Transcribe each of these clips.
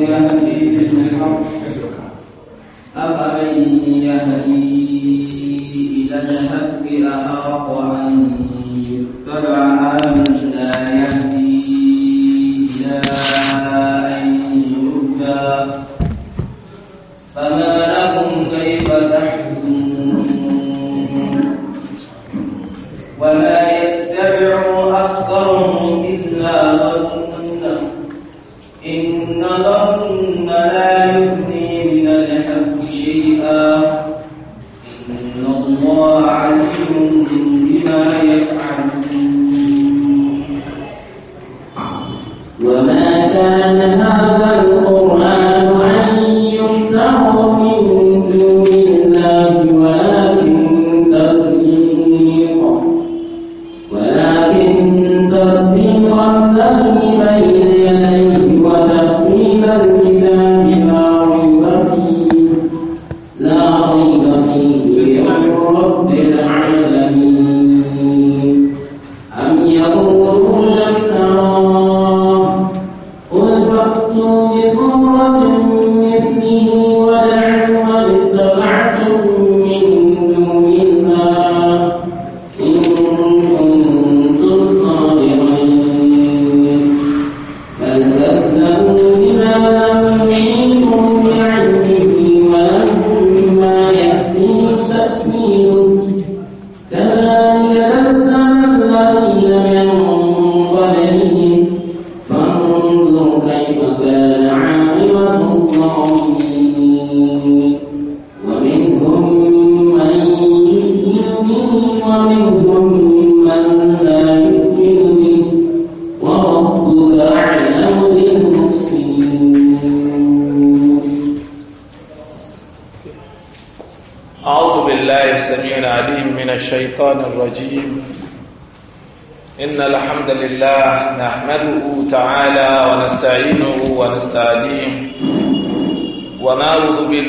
يهدي بالحق إلى الحق أحق أن يتبع آمنا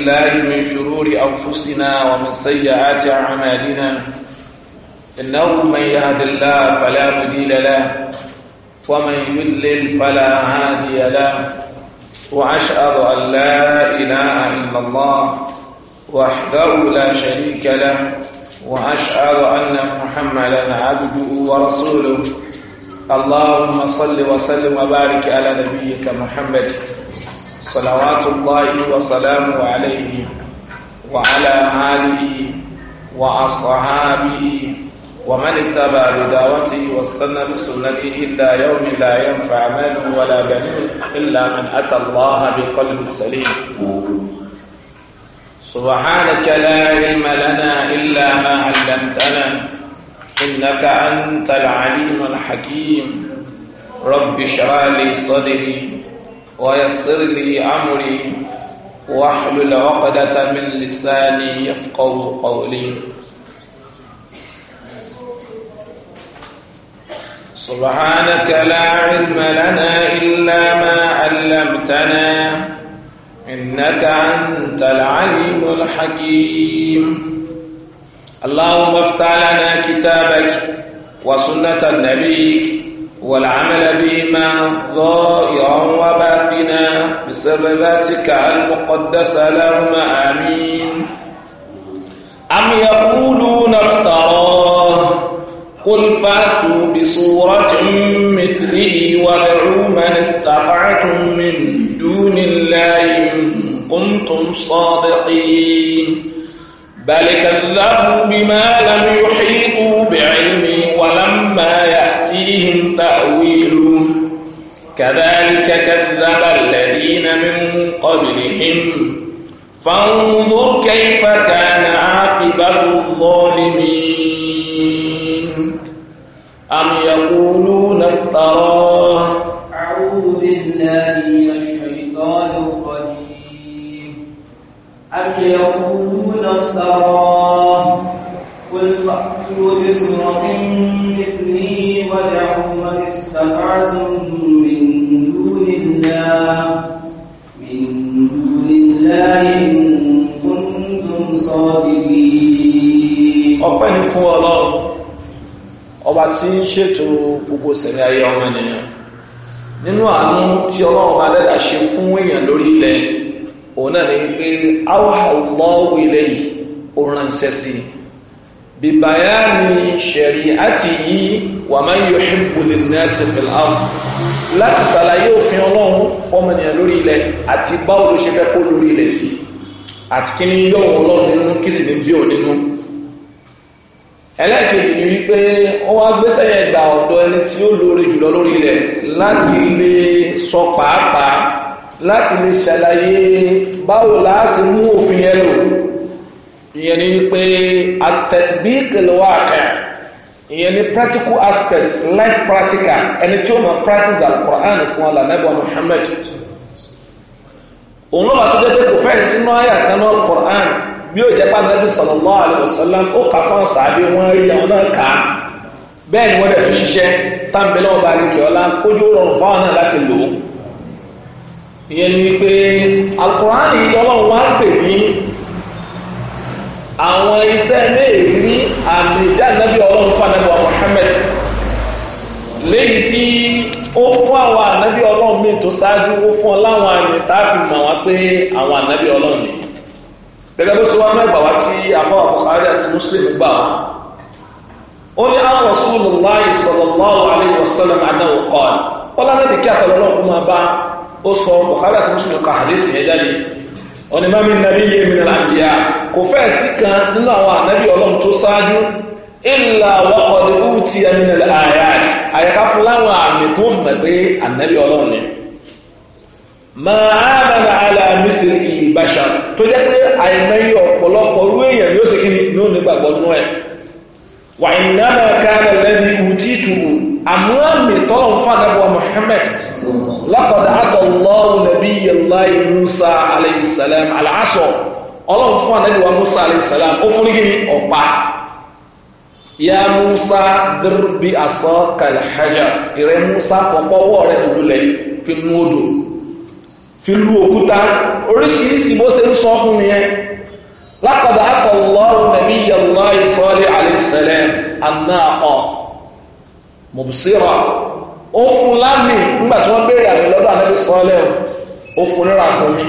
بالله من شرور أنفسنا ومن سيئات أعمالنا إنه من يهد الله فلا مديل له ومن يدلل فلا هادي له وأشهد أن لا إله إلا الله وحده لا شريك له وأشهد أن محمدا عبده ورسوله اللهم صل وسلم وبارك على نبيك محمد صلوات الله وسلامه عليه وعلى آله وأصحابه ومن اتبع بدعوته واستنى بسنته إلا يوم لا ينفع مال ولا بنون إلا من أتى الله بقلب سليم سبحانك لا علم لنا إلا ما علمتنا إنك أنت العليم الحكيم رب اشرح لي صدري ويسر لي أمري واحلل عقدة من لساني يفقه قولي سبحانك لا علم لنا إلا ما علمتنا إنك أنت العليم الحكيم اللهم افتح لنا كتابك وسنة نبيك والعمل بهما ظاهرا وباطنا بسر ذاتك المقدس اللهم آمين أم يقولون افتراه قل فأتوا بصورة مثله وادعوا من استطعتم من دون الله إن كنتم صادقين بل كذبوا بما لم يحيطوا بعلمي ولما يأتيهم تأويله كذلك كذب الذين من قبلهم فانظر كيف كان عاقبة الظالمين أم يقولون افتراه أعوذ بالله من أم يقولون افتراه قل فأتوا بسورة مثله ودعوا من استطعتم من دون الله من دون الله إن كنتم صادقين ọpẹ́ ni fún ọlọ́run ọba tí ń ṣètò gbogbo sẹ̀mí ayé ọmọ ènìyàn nínú àánú tí ọlọ́run bá lẹ́dà ṣe fún èèyàn lórí ilẹ̀ òun náà ni pé awàlọ́wọ́ ilé yìí oránṣẹ́ sí bìbáyá ni ṣẹ̀rí àti yìí wà máa yóò ṣíbùlì nẹ́ẹ̀sì fìlàáwù láti sàlàyé òfin ọlọ́run fọ́mọnìyàn lórí ilẹ̀ àti báwo ló ṣe fẹ́ kó lórí ilẹ̀ sí àti kí ni yóò wọn nínú kí sì ní bí òun nínú ẹlẹ́ẹ̀kejì ni wípé wọ́n wá gbéṣẹ́ yẹn gbà ọ̀dọ̀ ẹni tí ó lóore jùlọ lórí ilẹ̀ láti lè sọ pàápàá láti lè ṣàlàyé báwo láàṣì mú òfin yẹn lò ìyẹn ni pé atẹ̀tìbíkì lọ́wọ́ àkà ìyẹn ni practical aspect life practical ẹni tí ó máa practice alukur'an fún alànàbà Muhammad òun lọ́wọ́ tó jẹ́ pé kò fẹ́ẹ̀ sínú àyà kan náà alukur'an bí ó jẹ́ pàdé bí sallallahu alaihi wasallam ó kà fún ọ̀sàbí wọn rí àwọn náà kà á bẹ́ẹ̀ ni wọ́n dẹ̀ fi ṣiṣẹ́ táǹbẹ̀lẹ́ ọba àríkè ọlá kójú rọrùn fáwọn náà láti lò ó ìyẹn ni wípé alukurani ọlọ́run wá pè ní àwọn iṣẹ́ léèrí àti ìjánabi ọlọ́run fanabọ̀ Muhammad léyìí tí ó fún àwọn ànábì ọlọ́run míì tó ṣáájú ó fún ọ láwọn àmì tá a fi mọ̀ wá pé àwọn ànábì ọlọ́run ni gẹ́gẹ́ bó ṣe wá mẹ́gbàá wá tí afọ́wà Bukhari àti Muslim gbà wá ó ní àwọn Rasulullahi sallallahu alaihi wasallam àdáwò kọ́ ọ ọlọ́run ní kí àtọ̀lọ́lọ́run máa bá a. o sọ bùkárà tí mùsùlùmí ka hadith ọ̀nà má mi nàbí yé mi nàlá àbíyá kò fẹ́ sí kan nínú àwọn ànábì ọlọ́run tó ṣáájú ìlà wọ́kọ̀dé ó ti ẹni nàlá àyàká fún láwọn àmì tó fi mọ̀ ànábì ọlọ́run ni máa bá àlà ìbáṣà tó jẹ́ pé ọ̀pọ̀lọpọ̀ èèyàn sì laqad ata Allahu nabiyyallahi Musa alayhi salam al-asha ọlọ́run fún ànábì wa Musa alayhi salam ó fún nígbìn ọ̀pá ya Musa dirbi asaka al-hajar ìrẹ Musa fọpọ́ wọ́ rẹ̀ lulẹ̀ fi mú odò fi lu òkúta oríṣiríṣi bó ṣe ń sọ fún mi yẹn laqad ata Allahu ó fún lámì nígbà tí wọ́n béèrè àmì lọ́dọ̀ ànábì sọ́ọ́lẹ̀ ó fún rírà kan ní.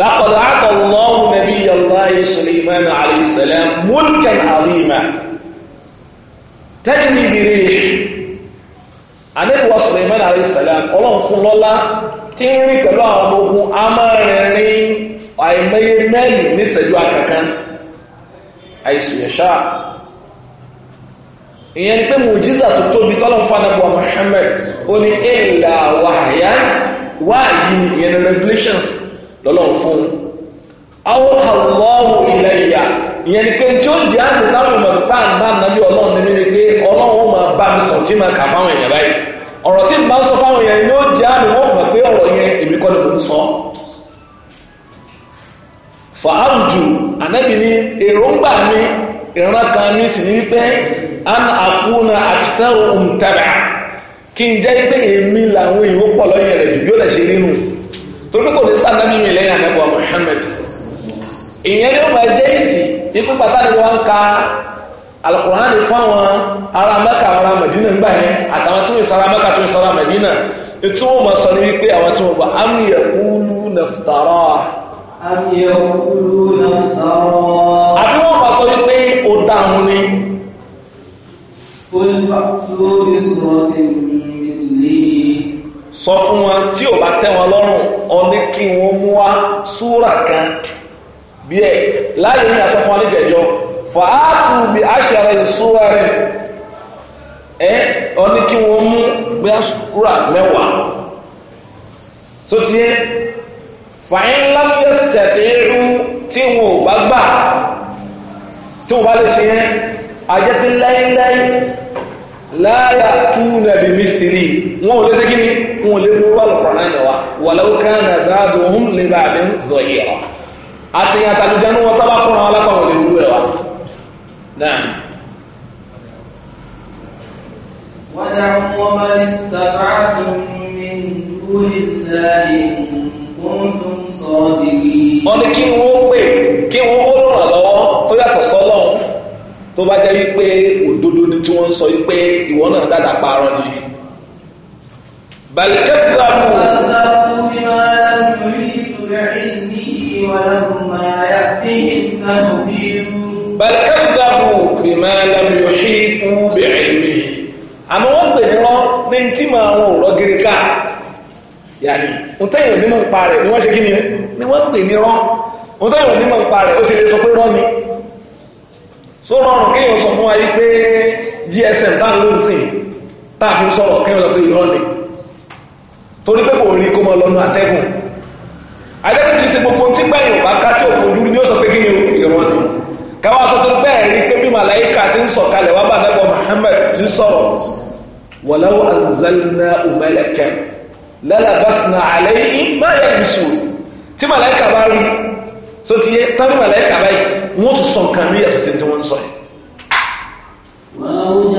lákọ̀dọ̀ àtọ̀lọ́hùn nàbí yàrá Sulaiman alayhi salam mulkan alima tẹ́jì ní ìbìrì ànábì wa Sulaiman alayhi salam ọlọ́run fún lọ́lá tí ń rí pẹ̀lú àwọn ọmọ ìyẹn ni pé mùjísà tó tóbi tọ́lọ̀ fanabu Muhammad ó ní ìlà wàhálà wáàyí ìyẹn ni revelations lọ́lọ́run fún àwọn àwọ̀wọ̀ ilẹ̀ ìyà ìyẹn ni pé tí ó jẹ́ àmì táwọn ọmọ fipá àgbà nàbí ọlọ́run ní ní pé ọlọ́run máa bá mi sọ̀rọ̀ tí máa kà fáwọn èèyàn báyìí ọ̀rọ̀ tí máa ń sọ fáwọn èèyàn ni ó jẹ́ àmì wọ́n mọ̀ pé ọ̀rọ̀ yẹn èmi kọ́ ni mo ń sọ fàárùjù ànábì ní èròǹgbà mi ìran kan ní sì ní wípé an àkúnà àṣìtẹ́rù òmùtàbà kí n jẹ́ pé èmi làwọn èèyàn pọ̀ lọ́yìn rẹ̀ jù bí ó lè ṣe nínú torí ní sànàbí lẹ́yìn ànábọ̀ Muhammad ìyẹn ni ó máa jẹ́ ìsì ipò pàtàkì wọn ka alukurani fún àwọn ará Mẹ́kà ará Mẹdínà ńgbà yẹn àtàwọn tí wọn sara Mẹ́kà tí wọn sara Mẹdínà ètò sọ ní wípé àwọn tí wọn bá amúyẹ kúlú nàfitàrà àbí wọ́n bá sọ wípé ó dá wọn ní. sọ fún wọn tí ò bá tẹ́ wọn lọ́rùn ọ ní kí wọ́n mú wá súrà kan bí ẹ̀ láyé ní àsọfún alẹ́jẹ̀jọ́ fàátù bí aṣara ìṣúra rẹ̀ ẹ ọ ní kí wọ́n mú bí aṣúra mẹ́wàá tó tiẹ́ fàyín lámúyẹ tẹ̀tẹ̀ irú tí wọn ò bá gbà tí wọn bá lè ṣe yẹn àjẹpẹ́ láíláí láyà tú nàbí mísírì wọn ò lè ṣe kíni wọn ò lè mú wà lọ́kọ̀ náà yẹn wa wàlẹ́wò kánà dáàbò lè bá àbí zọ àti àtàlùjẹ́ ní wọn tábà kọ́ra wọn lápá wọn lè wú ẹ̀ wa. نعم wọ́n ní kí wọ́n pè kí wọ́n ó ràn lọ́wọ́ tó yàtọ̀ sọ́lọ́ tó bá jẹ́ wípé òdodo ni tí wọ́n sọ wípé ìwọ náà dáadáa parọ́ ni balikẹ́tàmù balikẹ́tàmù bìmọ̀ lẹ́nu yóò ṣí kú bẹ̀rẹ̀ mi àmọ́ wọ́n pè ní tí màá wọn ò rọ́gírí ká yàrá òtẹ́yìn onímọ̀ ń pa rẹ̀ ni wọ́n ṣe kí ni ni wọ́n pè ní rán òtẹ́yìn onímọ̀ ń pa rẹ̀ ó sì lè sọ pé rán ni so rọrùn kéèyàn sọ fún wa yìí pé GSM tá ló ń sìn tá a fi ń sọ̀rọ̀ kéèyàn sọ pé irọ́ ni torí pé kò rí kó mọ lọ́nu atẹ́gùn atẹ́gùn ti gbogbo tí pẹ́yìn bá ká tí òfin ojú ni ó sọ pé kí ni irọ́ ni káwá sọ tó bẹ́ẹ̀ rí pé bí màláyíkà sí ń sọ̀kalẹ̀ wá bá nẹ́bọ̀ Muhammad sí sọ̀rọ̀ wọ̀lẹ́wọ̀ lẹ́làbásínà àlẹ́yìn máa yẹ ìṣù tí màláìkà bá rí tó ti yẹ tàbí màláìkà báyìí wọ́n tún sọ nǹkan ní ẹ̀tọ́ sí tí wọ́n ń sọ yìí ìyẹn ni wọ́n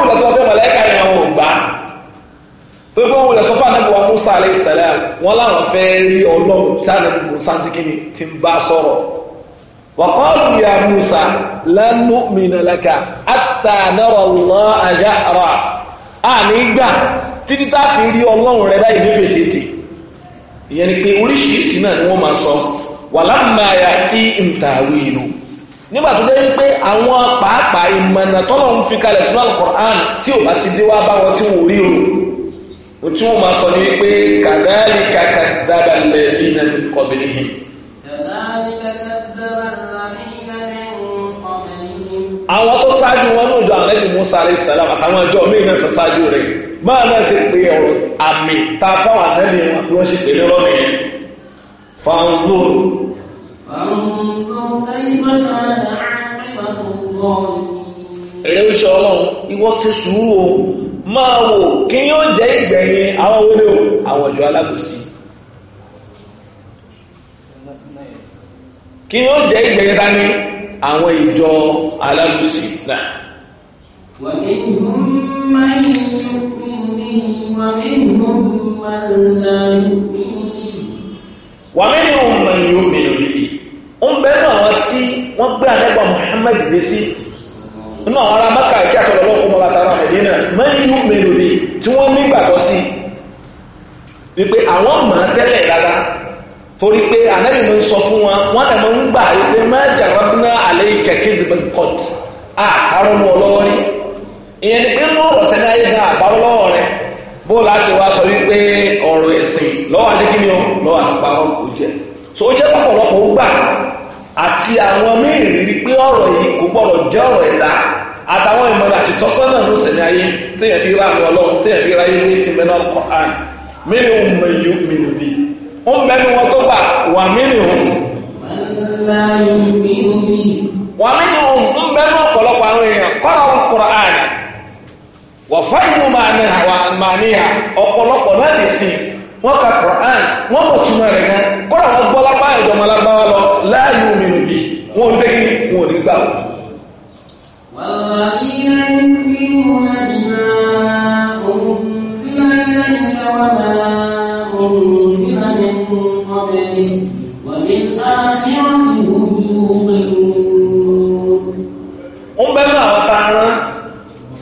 wùlẹ̀ tó ọbẹ̀ màláìkà yẹn wọ́n tó bí wọ́n wùlẹ̀ sọ fún àdẹ́bùwà وقالوا يا موسى لن نؤمن لك حتى نرى الله جهرا àní gbà títí tá fi rí ọlọ́run rẹ báyìí ní fètètè ìyẹn ni pé oríṣiríṣi náà ni wọ́n máa sọ wà lámàáyà tí ìmùtàwé inú nígbà tó jẹ́ pé àwọn pàápàá ìmọ̀nà tọ́lọ̀ ń fi kalẹ̀ sínú alukoran tí ò bá ti dé wá bá wọn tí wọ́n rí o tí wọ́n máa sọ ní wípé kàdáàlì kàkàdàbà lẹ́yìn náà kọ̀bìnrin. kàdáàlì kàkàdàbà àwọn tó ṣáájú wọn ní ọjọ́ àrẹ́bì Musa alayhi salam àtàwọn ọjọ́ míì náà tó ṣáájú rẹ̀ máa náà sì pé ọ̀rọ̀ àmì ta fáwọn àrẹ́bì wọn bí wọ́n sì pè ní lọ́nà yẹn fàǹdó. èrè oṣù ọlọ́run ìwọ ṣe sùúrù o máa wò kí yóò jẹ́ ìgbẹ̀yìn àwọn olóò àwọn ọjọ́ alágòsí. kí ni ó jẹ́ ìgbẹ̀yìn ta ní àwọn ìjọ alágùsì náà. wọ́n ní máa ń yọ kúrò wọ́n ní wọ́n máa ń náà wọ́n ní wọ́n máa tí wọ́n gbé àdẹ́gbà Muhammad dé sí nínú àwọn ará Mákà kí àtọ̀lọ́lọ́ kó mọ́ látara Mẹ̀dínà máa ń yọ mẹ́rin rí tí wọ́n nígbàgbọ́ sí wípé àwọn mọ̀ tẹ́lẹ̀ dáadáa torí pé ànábì mi ń sọ fún wọn wọn lè máa ń gbà ilé má jàgbọ́nà àlẹ́ kẹ̀kẹ́ ìdìbò court àkàrọ̀ mọ́ lọ́wọ́ rí ìyẹn ni pé mú ọ̀rọ̀ sẹ́ni ayé gan àbárọ̀ lọ́wọ́ rẹ bó o láṣẹ wá sọ wípé ọ̀rọ̀ ẹ̀sìn lọ́wọ́ àṣẹ kíni o lọ́wọ́ àpárọ̀ kò jẹ́ so ó jẹ́ pọ̀pọ̀lọpọ̀ ó gbà àti àwọn mẹ́rin rí pé ọ̀rọ̀ yìí kò gbọ́dọ̀ jẹ́ ọ̀rọ̀ ẹ̀dá àtàwọn ìmọ̀lẹ̀ àti tọ́sọ́nà ló sẹ̀lẹ̀ ayé téèyàn fi ra àwọn ọlọ́run téèyàn fi ra ayé ní ti mẹ́nà Kùránì mẹ́rin ò mọ ó ń wọn tó gbà wà mínú wà àwọn èèyàn kọ́ra wà fáìlú màá níhà ọ̀pọ̀lọpọ̀ náà lè sí wọ́n ka Qur'an wọ́n mọ̀ túmọ̀ rẹ̀ gan kọ́ra wọn gbọ́ lápá ìjọba lágbára lọ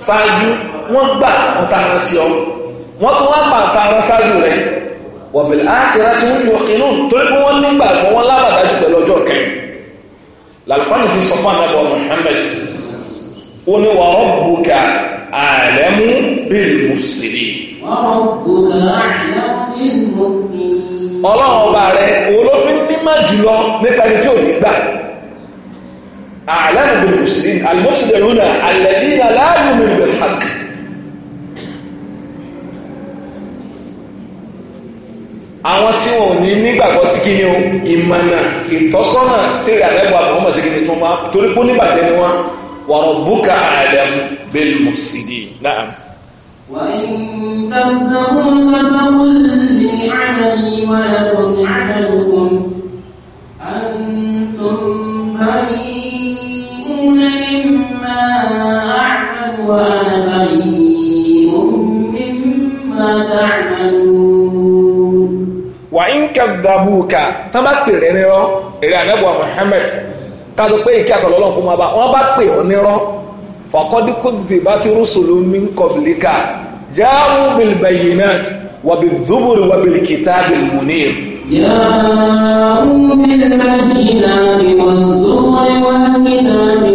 ṣáájú wọ́n gbà wọ́n tara sí ọ wọ́n tún wá pa tara ṣáájú rẹ̀ wọ́n bẹ̀rẹ̀ ákìrá tí wọ́n yọ inú torí pé wọ́n nígbàgbọ́ wọ́n lábàdájú pẹ̀lú ọjọ́ kẹrin làlùkọ́ni fi sọ fún anábọ̀ Muhammad ó ní wà rabbuka a'lamu bil mufsidin. ọlọ́run ọba rẹ̀ olófin nímọ̀ jùlọ nípa ẹni tí ò ní gbà. أعلم بالمفسدين المفسد هنا الذين لا يؤمن بالحق àwọn tí wọn ò ní nígbàgbọ́ sí kí ni o ìmọ̀nà ìtọ́sọ́nà tèrè àlẹ́gbọ́ àbọ̀mọ̀ sí kí ni tó máa torí pé onígbàgbẹ́ ni wọ́n wọ̀rọ̀ búkà àdàm bil mufsidin náà. وإن تبتغوا فهو لي عملي ولكم عملكم أعمل وأنا بريء مما تعملون وإن كذبوك تمت رنيرو إلى نبوة محمد kájọ pé ìkí àtọ̀lọ́lọ́ fún ọba wọn bá pè ọ nírọ́ fọkọ́díkùdì bá ti rúṣùlù min kọ̀bìlíkà jáwó bìlbẹ̀yìn náà wàbí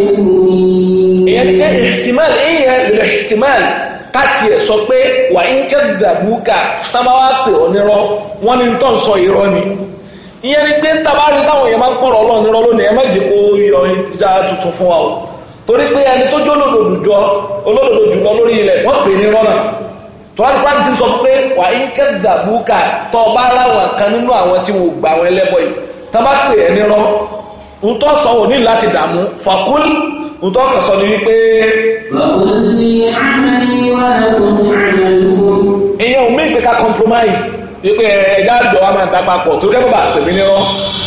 ìtìmáàlì ìyẹn lè ìtìmáàlì káti ẹ̀ sọ pé wà ń kẹ́dàbúkà tábáwá pè ọ́ nírọ́ wọ́n ní tọ́ ń sọ irọ́ ni ìyẹn ni pé tábárí táwọn èèyàn máa ń pọ̀rọ̀ ọlọ́run nírọ́ lónìí ẹ má jẹ́ kó yọ ìjà tuntun fún wa o torí pé ẹni tó jó lòdòdò jùlọ lórí ilẹ̀ wọ́n pè nírọ́ náà tọ́lájú pa ti sọ pé wà ń kẹ́dàbúkà tọ́ bá láwọn kan nínú àwọn tí wọ́n gbà wọn ẹlẹ́bọ̀ yìí tábá pè ẹ́ nírọ́ ń tọ́ sọ ntọ́ kan sọ ni wípé. ìyẹn ò mí ìgbéka compromise wípé ẹja àjọ wa máa ń dapà tó kẹ́kọ̀ọ́ bá tèmi ní rán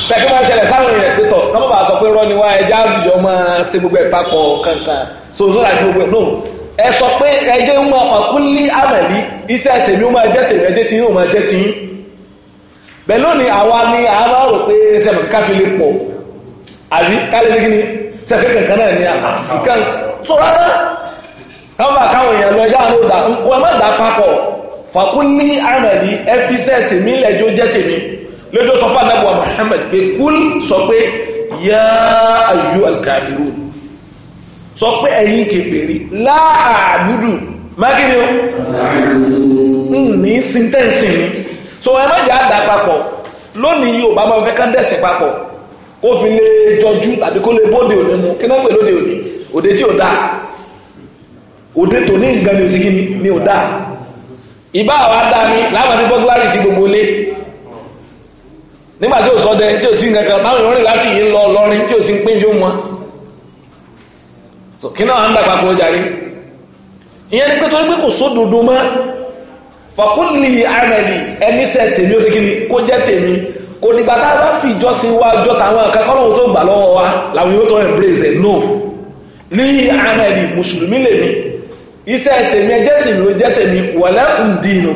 tẹ̀kí máa ṣẹlẹ̀ sáwọn èèyàn pé tọ̀ kọ́mọ́ bá sọ pé rán ni wá ẹja àjọ máa ṣe gbogbo ẹ̀ papọ̀ kankan so so láti gbogbo ẹ̀ náà ẹ sọ pé ẹjẹ́ ń mọ ọ̀kúnlé àmàlí iṣẹ́ tèmi ó máa jẹ́ tèmi ẹjẹ́ tí yóò máa jẹ́ tí yín bẹ́ẹ̀ lónìí àwa ni àá rò pé ẹsẹ̀ mọ̀ káfílẹ̀ pọ̀ àbí kálẹ̀ sẹ́kẹ̀kẹ̀ kan náà ní àkàn tó rárá káwọn àkáwọn èèyàn lọ ẹjá àánú dà kó ẹ má dà papọ̀ fàkún ní àmàlí ẹpísẹ́ tèmi lẹ́jọ́ jẹ́ tèmi lẹ́jọ́ sọ fún anábọ̀ Muhammad pé kúl sọ pé yá ayú alkafirun sọ pé ẹ̀yin kèfèrí láàdúdù mákìrì ó so ẹ má jẹ́ àdà papọ̀ lónìí yóò bá máa fẹ́ ká papọ̀ kó fi lè jọjú tàbí kó lè bóde mu kí náà pè lóde òní òde tí ò dáa òde tó ní nǹkan ní o sí kí ni ò dáa ìbá àwa dá mi láwọn bọ́gláàrì sí gbogbo ilé nígbà tí ò sọdẹ tí ò sí nǹkan kan táwọn ìrọ̀rìn láti lọ lọrin tí o si pín yóò mọ́ kí náà ń ni pé kò mọ́ fàkúnlì ẹni sẹ́ tèmi kí ni kò nígbà bá fi ìjọsìn jọ tàwọn nǹkan kọ́lọ́hún tó gbà lọ́wọ́ wa làwọn yóò no ní anẹ́lì mùsùlùmí lèmi iṣẹ́ tèmi ẹjẹ́ ló jẹ́ tèmi wọ̀lẹ́ ń di inú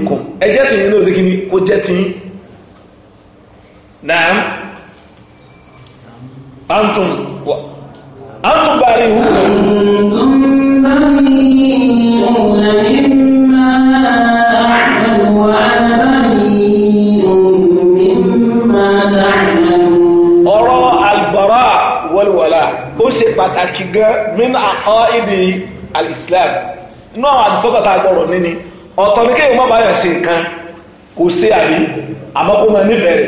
ṣe pàtàkì gan min akọ ìdí alislam inú àwọn àdìsọ́kọ̀ tá a gbọ́rọ̀ níní ọ̀tọ̀ ní kéèyàn má bá yàn sí nǹkan kò sí àbí àmọ́ kó máa nífẹ̀ẹ́ rẹ̀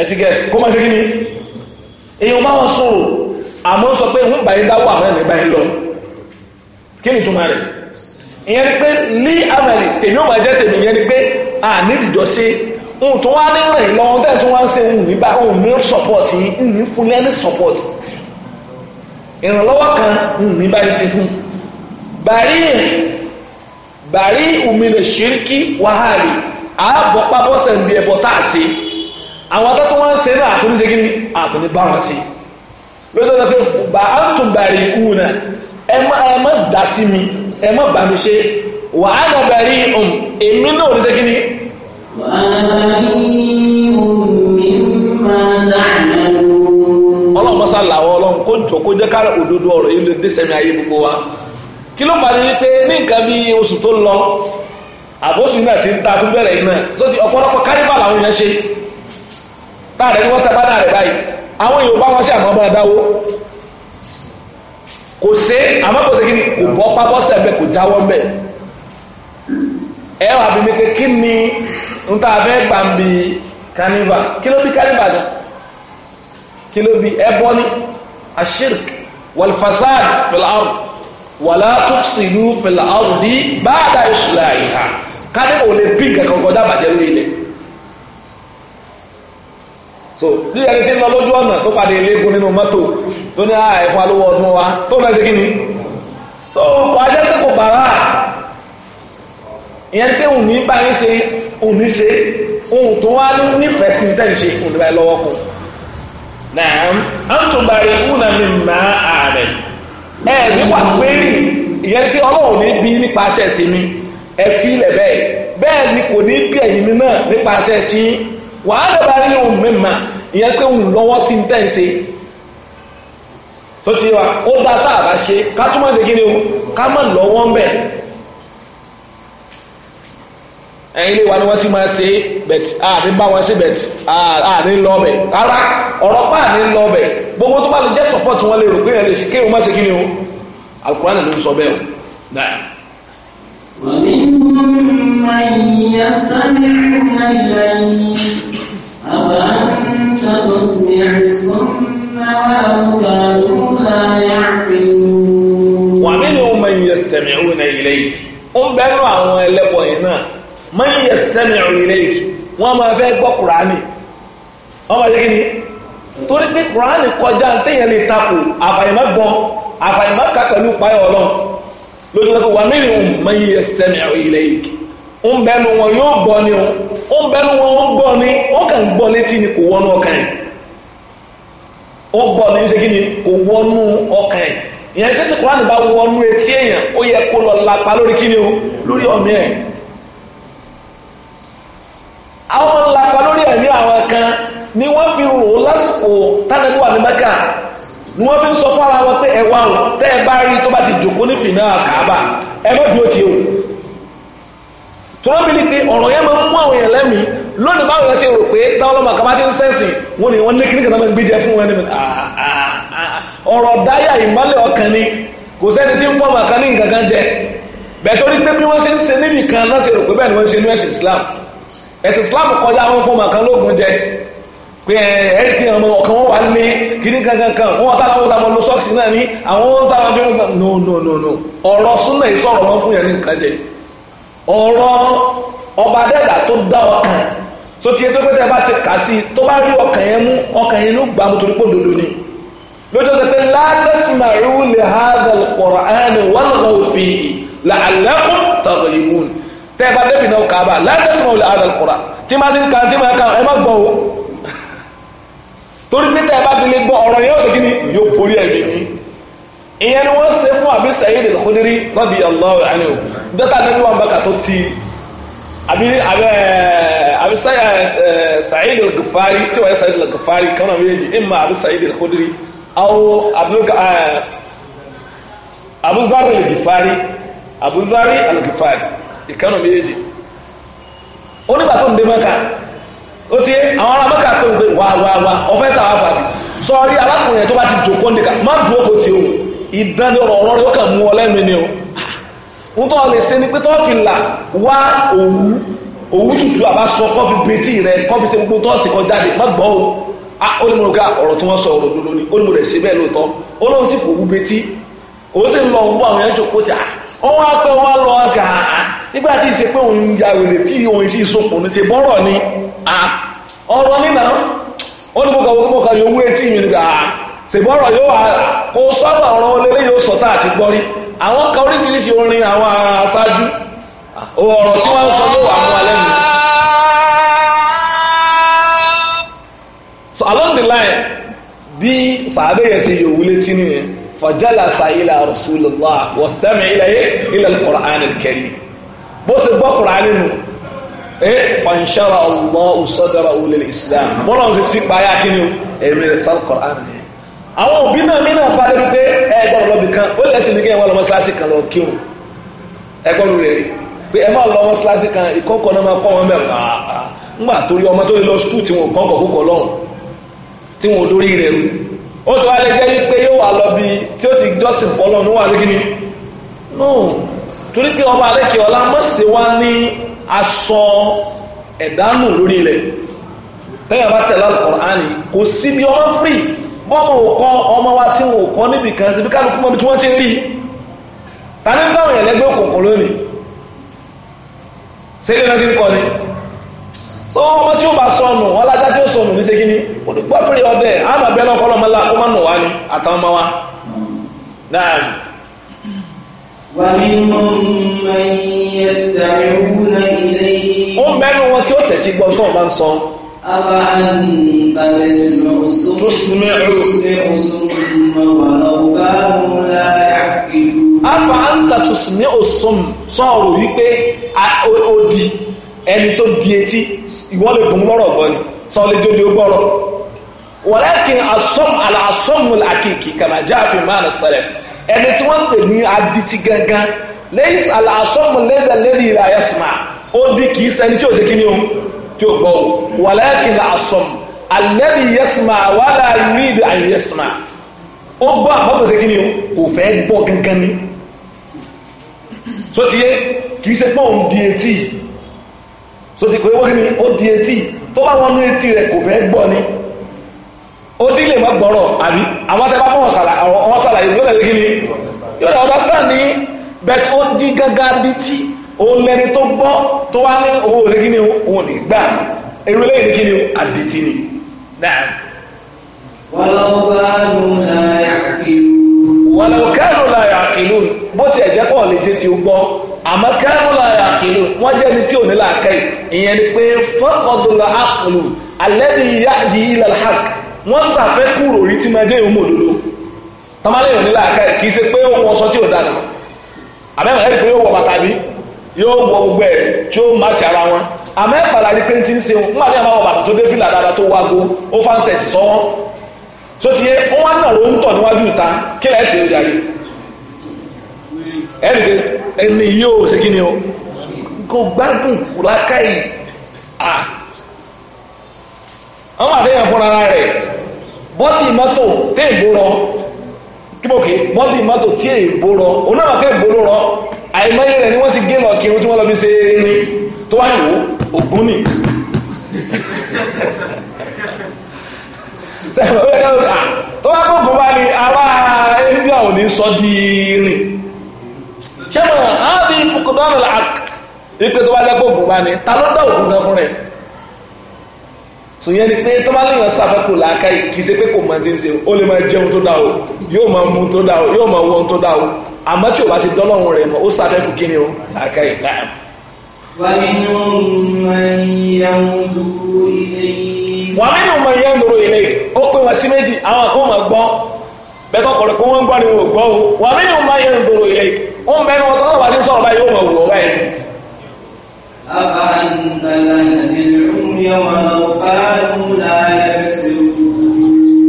ẹtìgẹ̀ kó máa ṣe kí ni èèyàn máa wọn sọ̀rọ̀ àmọ́ sọ pé ń báyìí dáwọ́ àmọ́ ẹ̀ báyìí lọ kí ni ìtumọ̀ rẹ̀ ìyẹn ni pé ní amẹ̀lì tèmi ò máa jẹ́ tèmi ìyẹn ni pé à nídìjọ́ ohun tó wá ní ràn yín lọ́wọ́ tẹ́lẹ̀ tó wá ń ṣe ohun mi bá ohun mi support yín ohun mi fún lẹ́ni support ìrànlọ́wọ́ kan ohun mi bá yín ṣe fún bàrí bàrí òmìnira ṣíríkì wàhálì àábọ̀ pábọ́sẹ̀ ń bí ẹbọ tá a ṣe àwọn atọ́tọ́ wọn ń ṣe náà àtúndì ṣe kí ni àtúndì bá wọn ṣe lójó lọ́pẹ́ bá a ń tún bàrí ìhù náà ẹ má dá sí mi ẹ má bà mí ṣe wàhálà bàrí èmi náà ò ní ṣe kí ni kó jọ kó jẹ́ kára òdodo ọ̀rọ̀ yìí lè dẹ́sẹ̀mí ayé gbogbo wa kí ló fà ní ní nǹkan bí oṣù tó lọ àbóṣù náà ti ń ta tó bẹ̀rẹ̀ iná tó ti ọ̀pọ̀lọpọ̀ kánífà làwọn èèyàn ṣe tá àrẹ ni wọ́n tẹ́bá náà rẹ̀ báyìí àwọn Yorùbá wọn sí àmọ́ bá dáwó kò sí àmọ́ kò sí kí ni kò bọ́ pápọ́ sẹ́ẹ̀bẹ̀ kò jáwọ́ ń bẹ̀ ẹ wà bí mi pé kí ni ń ta abẹ́ gbà bi kánífà kí ló bí kánífà gan kí ló bí ẹbọ ni الشرك والفساد في الأرض ولا تفسدوا في الأرض بعد إصلاحها kádé kò lè bí kankan kọjá bàjẹ́ lórí ilẹ̀ so bí ẹni tí ń lọ lójú ọ̀nà tó padà eléegun nínú mọ́tò tó ní ah, ẹ̀fọ́ alówó ọdún wa tó náà ṣe ni so kò ajẹ́ pé kò bàrà ìyẹn pé òun ní báyìí ṣe òun ní ṣe tó wá nífẹ̀ẹ́ tẹ̀ ń ṣe òun ní báyìí lọ́wọ́ kù. Naam, antum bari'una mimma a'mal. Ẹ a pérì, ìyẹn ni pé ọlọ́run ní bí nípasẹ̀ tèmi, ẹ fi ilẹ̀ bẹ́ẹ̀. ni kò ní bí ẹ̀yin mi náà nípasẹ̀ tí wà á lọ́ba rí ohun mimma, iye pé òun lọ́wọ́ sí ní tẹ̀sí. Tó ti wá, ó dá tá a o, ẹ̀yin lè wa ni wọ́n ti máa ṣe bẹ̀t àní bá wọn ṣe bẹ̀t àní lọ bẹ̀ rárá ọ̀rọ̀ pa àní lọ bẹ̀ gbogbo tó bá lè jẹ́ support wọn lè rò pé ẹ̀ lè ṣe kéwọn má ṣe kí ni o alukurani ló ń sọ bẹ́ẹ̀ o. ومنهم من يستمعون إليك أفأنت تسمع الصم وأكثرهم لا ó ń bẹ́rù àwọn ẹlẹ́kọ̀ọ́ man yastami'u ilayk wọ́n máa fẹ́ gbọ́ kùránì wọ́n máa ni torí pé kùránì kọjá téèyàn lè takò àfàìmọ́ gbọ́ àfàìmọ́ ká pẹ̀lú páyọ̀ ọlọ́run lójú lọ́kọ̀ wà mí ni man yastami'u ilayk ń bẹnu wọn yóò gbọ́ ni o ó bẹnu wọn ó gbọ́ ni ó kàn ń gbọ́ létí ni kò wọnú ọkàn yìí ó gbọ́ ní ṣe kí ni kò wọnú ọkàn ẹ̀ ìyẹn pé tí kùránì bá wọnú etí èèyàn ó yẹ kó lọ lápá lórí kí ni o lórí ọmọ ẹ̀ àwọn ńlapa lórí ẹ̀mí àwọn kan ni wọ́n fi rò ó lásìkò tánàbí wà ní mẹ́kà ni wọ́n fi ń sọ fún ara wọn pé ẹ̀wà ò tẹ́ ẹ bá rí tó bá ti jòkó ní fìnà àkàbà ẹ bí ó ti o tọ́lá pé ọ̀rọ̀ yẹn máa ń mú àwọn èèyàn lẹ́mìí lónìí báwo yẹn ṣe rò pé táwọn ọlọ́mọ ti ń sẹ́sìn wọn ni wọ́n ní kíníkà náà máa ń gbé jẹ fún wọn ní ah, ah, ah, ọ̀rọ̀ dáyà ìmọ́lẹ̀ ọkàn ni kò sẹ́ni tí ń fọ́ọ̀mù àkànní nǹkan kan jẹ bẹ̀ẹ́ torí pé bí wọ́n ṣe ń ṣe níbì náà ṣe rò pé bẹ́ẹ̀ ni wọ́n ṣe ní ẹ̀sìn Islam ẹ̀sìn Islam kọjá wọn fún ọmọ kan lóògùn jẹ pé ẹ̀rí pé ọmọ ọ̀kan wọn wà ní kíní kankan kan wọn wọ́n táwọn sábà lo sọ́ọ̀sì náà ní àwọn wọn sábà fi wọn no no no no ọ̀rọ̀ súnà ìsọ̀rọ̀ wọn fún yẹn ní nǹkan jẹ ọ̀rọ̀ ọba dẹ́dà tó dá ọkàn tó ti ẹjọ́ pé tẹ́ bá ti kà sí tó bá rí ọkàn yẹn mú ọkàn yẹn ló gbà mú torí dodo ni lójó sọ Qur'an wal ghaw fihi la'allakum tẹ́ ẹ bá dẹ́fì náà kà á bá látẹ̀sìmọ̀ olè àdàl kura tí máa ti ń kan tí máa kan ẹ má gbọ́ o torí pé tẹ́ ẹ bá fi lè gbọ́ ọ̀rọ̀ yẹn ó sì kí ni yóò borí ẹ̀mí yìí ìyẹn ni wọ́n ṣe fún àbí Sa'id al-Khudri radiyallahu anhu dọ́tà nínú àbákà tó ti àbí àbí eh, eh, Sa'id al-Ghifari tí wọ́n yẹ Sa'id al-Ghifari kan náà méjì ìmọ̀ àbí Sa'id al-Khudri àwọn eh, Abu Dharr al-Ghifari ìkànnà méjèèjì onígbà tó ń dé mẹ́ka ó ti àwọn ará mẹ́ka pé òun pé wà wà wà ọ̀fẹ́ tà wà fàbí sọ́ọ́rí alákùnrin yẹn tó bá ti jòkó nìka má dúró kò tí o ìdán ni ọ̀rọ̀ ọ̀rọ̀ rẹ̀ ó kàn mú ọ lẹ́nu ni o ń tọ́ lè ṣe ni pé tọ́ fi là wá òwú òwú tutù àbáṣọ kọ́fí bìtì rẹ̀ kọ́fí ṣe gbogbo tọ́ọ̀sì kan jáde má gbọ́ o ó ní mo ga ọ̀rọ̀ tí wọ́n sọ ọ̀rọ̀ lólo ni ó ní mo rẹ̀ ṣe bẹ́ẹ̀ lóòótọ́ ó lóun sì fòwú bìtì òun sì ń lọ òun bọ́ àwọn yẹn jòkó tì à wọ́n wá pẹ́ wọ́n á lọ ọ̀gá nígbà tí ìṣe pé òun ya wèrè tí òun sì sopọ̀ ní ṣe bọ́rọ̀ ni ọ̀rọ̀ nínà ó ní mọ́kàn yóò wú etí mi nígbà ṣe bọ́rọ̀ yóò wà kó sọ́nà ọ̀rọ̀ olélé yóò sọ̀tà àti gbọ́rí àwọn kan oríṣiríṣi orin àwọn aṣáájú ọ̀rọ̀ tí wọ́n sọ yóò wà mú alẹ́ so along the line bí sàbẹ̀yẹ sí yòówù létí nìyẹn fajalasa ila rasulillah wastami'a ilayhi ila quran al bó ṣe gbọ́ kura nínú ee fanṣara allah sadara islam bọ́lá ṣe sí payá kíni o èmi rẹ̀ sáré kọ̀ọ̀rọ̀ àná àwọn òbí náà mí náà bá kan ó lẹ́sìn ní ẹ kan lọ o rẹ̀ rí pé ẹ má lọ kan ìkọ́kọ̀ náà máa kọ́ wọn pàápàá ńgbà torí ọmọ lọ tí wọn lọ́hùn tí wọn rẹ̀ rú ó sọ wá lẹ́jẹ́ lọ torí pé ọba alékè ọlá mọ̀sí wá ní aṣọ ẹ̀dánù lórí ilẹ̀ tẹ́yà bá tẹ̀lé alukọ̀ránì kò sí bí ọmọ free bọ́mọ òkọ ọmọ wa tí wọn òkọ níbi kan síbi kálukú mọ́bi tí wọ́n ti rí tani báwọn ẹ̀lẹ́gbẹ́ òkùnkùn lónìí ṣé náà ti ń kọ́ ni so ọmọ tí ó bá sọnù wọn lájá tí ó sọnù ní ṣe kíní olùgbọ́pẹ̀rẹ̀ ọbẹ̀ àmàbẹ́ náà kọ́ lọ́mọlá kó má nù wá ni àtàwọn ọmọ wa náà ومنهم من يستمعون إليه ó ń bẹ́nu wọn tí ó tẹ̀tí gbọ́n tó bá ń sọ أفأنت تسمع الصم الصم ولو كانوا لا يعقلون أفأنت تسمع الصم sọ̀rọ̀ wípé odi ẹni tó di etí ìwọ lè bùn lọ́rọ̀ gbọ́ ni sọ lè jó gbọ́rọ̀ walakin asọ́m àlà asọ́m àkìkì kàmájáàfin máa nà sẹ́lẹ̀fì ẹni tí wọ́n ń pè ní adití gangan lẹ́yìn àlàsọ́mù lẹ́dà lẹ́dì ìlà ẹ̀sìnà ó dí kìí sẹ́ni tí ó ṣe kí ni o tí ó gbọ́ o wà lẹ́kìn àsọ̀mù alẹ́dì yẹ́sìnà wà láàrin ìdí àyè yẹ́sìnà ó gbọ́ àbọ̀kọ̀ ṣe kí ni o kò fẹ́ gbọ́ gangan ni sótìyé kìí ṣe pọ́n di etí sótìkọ̀ ewé ni ó di etí tó bá wọnú etí rẹ̀ kò fẹ́ gbọ́ ni. So, yìí lè mọ́ àbí àwọn tẹ́ bá fọ́ wọn ṣàlàyé yóò lẹ́yìn kíni yóò lẹ́yìn understand ní bẹ́ẹ̀ ó di gágá di tí òun lẹni tó gbọ́ tó wá ní owó òde kíni òun ní gbà eré lẹ́yìn kíni àdìtì ni. wàlọ́ kánú láyà kìlú bó tiẹ̀ jẹ́ pọ̀ lè jẹ́ ti gbọ́ àmọ́ kánú láyà kìlú wọ́n jẹ́ ni tí ò ní làákẹ́ ìyẹn ni pé fọ́kọ̀dùnlá àkùlù alẹ́ bí yá ilẹ̀ hàk wọ́n sàfẹ́kù ròrí tí máa jẹ́ ìhun mòdodo tọ́málẹ́yìn nílà ká kìí ṣe pé ó wọ́n sọ tí ò dáná àmẹ́rin ẹ̀rí pé yóò wọ bàtà bí yóò wọ gbogbo ẹ̀ tí ó má ti ara wọn àmẹ́ ìpàdàrí pé ti ń ṣe wọn nígbà tí a máa wọ bàtà tó dé fìlà dáadáa tó wágo ó fáńsẹ̀ ti sọ wọn tó ti yẹ wọn wá náà ló ń tọ̀ níwájú ìta kí lẹ́ẹ̀ pé ó darí ẹ̀rí pé ẹni yóò ni o kò gbádùn kùlákàyè à àwọn àdéhùn fúnra rẹ̀ bọ́tì mọ́tò tẹ́ ìgbóró kíbòkè bọ́tì mọ́tò tí ìgbóró onáwàkẹ́ ìgbóró rọ àìmọye rẹ̀ ni wọ́n ti gé lọ kí irun tí wọ́n lọ fi ṣe é ní tó wá ìwò ògún nì tó wá kó gùn bá ní ará India ò ní sọ di rìn ṣé mo hàn á di fukudọ́nù làkì ìpè tó wá lẹ́kọ̀ọ́ gùn bá ní ta ló dá ògùn gan fún rẹ̀ sòyẹn ni pé tó bá léèyàn sàfẹ́kù làákà yìí kì í ṣe pé kò mọ̀ tí ń ṣe ó lè máa jẹun tó dáa o yóò máa mu tó dáa o yóò máa wọ́n tó dáa o àmọ́ tí o bá ti dọ́lọ́run rẹ̀ mọ́ ó sàfẹ́kù kí ni o làákà yìí náà. wà nínú mọ̀ ìyá ń dúró ilé ó pé wọn sí méjì àwọn kan máa gbọ́ bẹ́ẹ̀ kọ́kọ́rọ́ pé wọ́n gbọ́ ni wọn ò gbọ́ o wà nínú mọ̀ ìyá ń dúró ilé ó ń bẹ́ẹ̀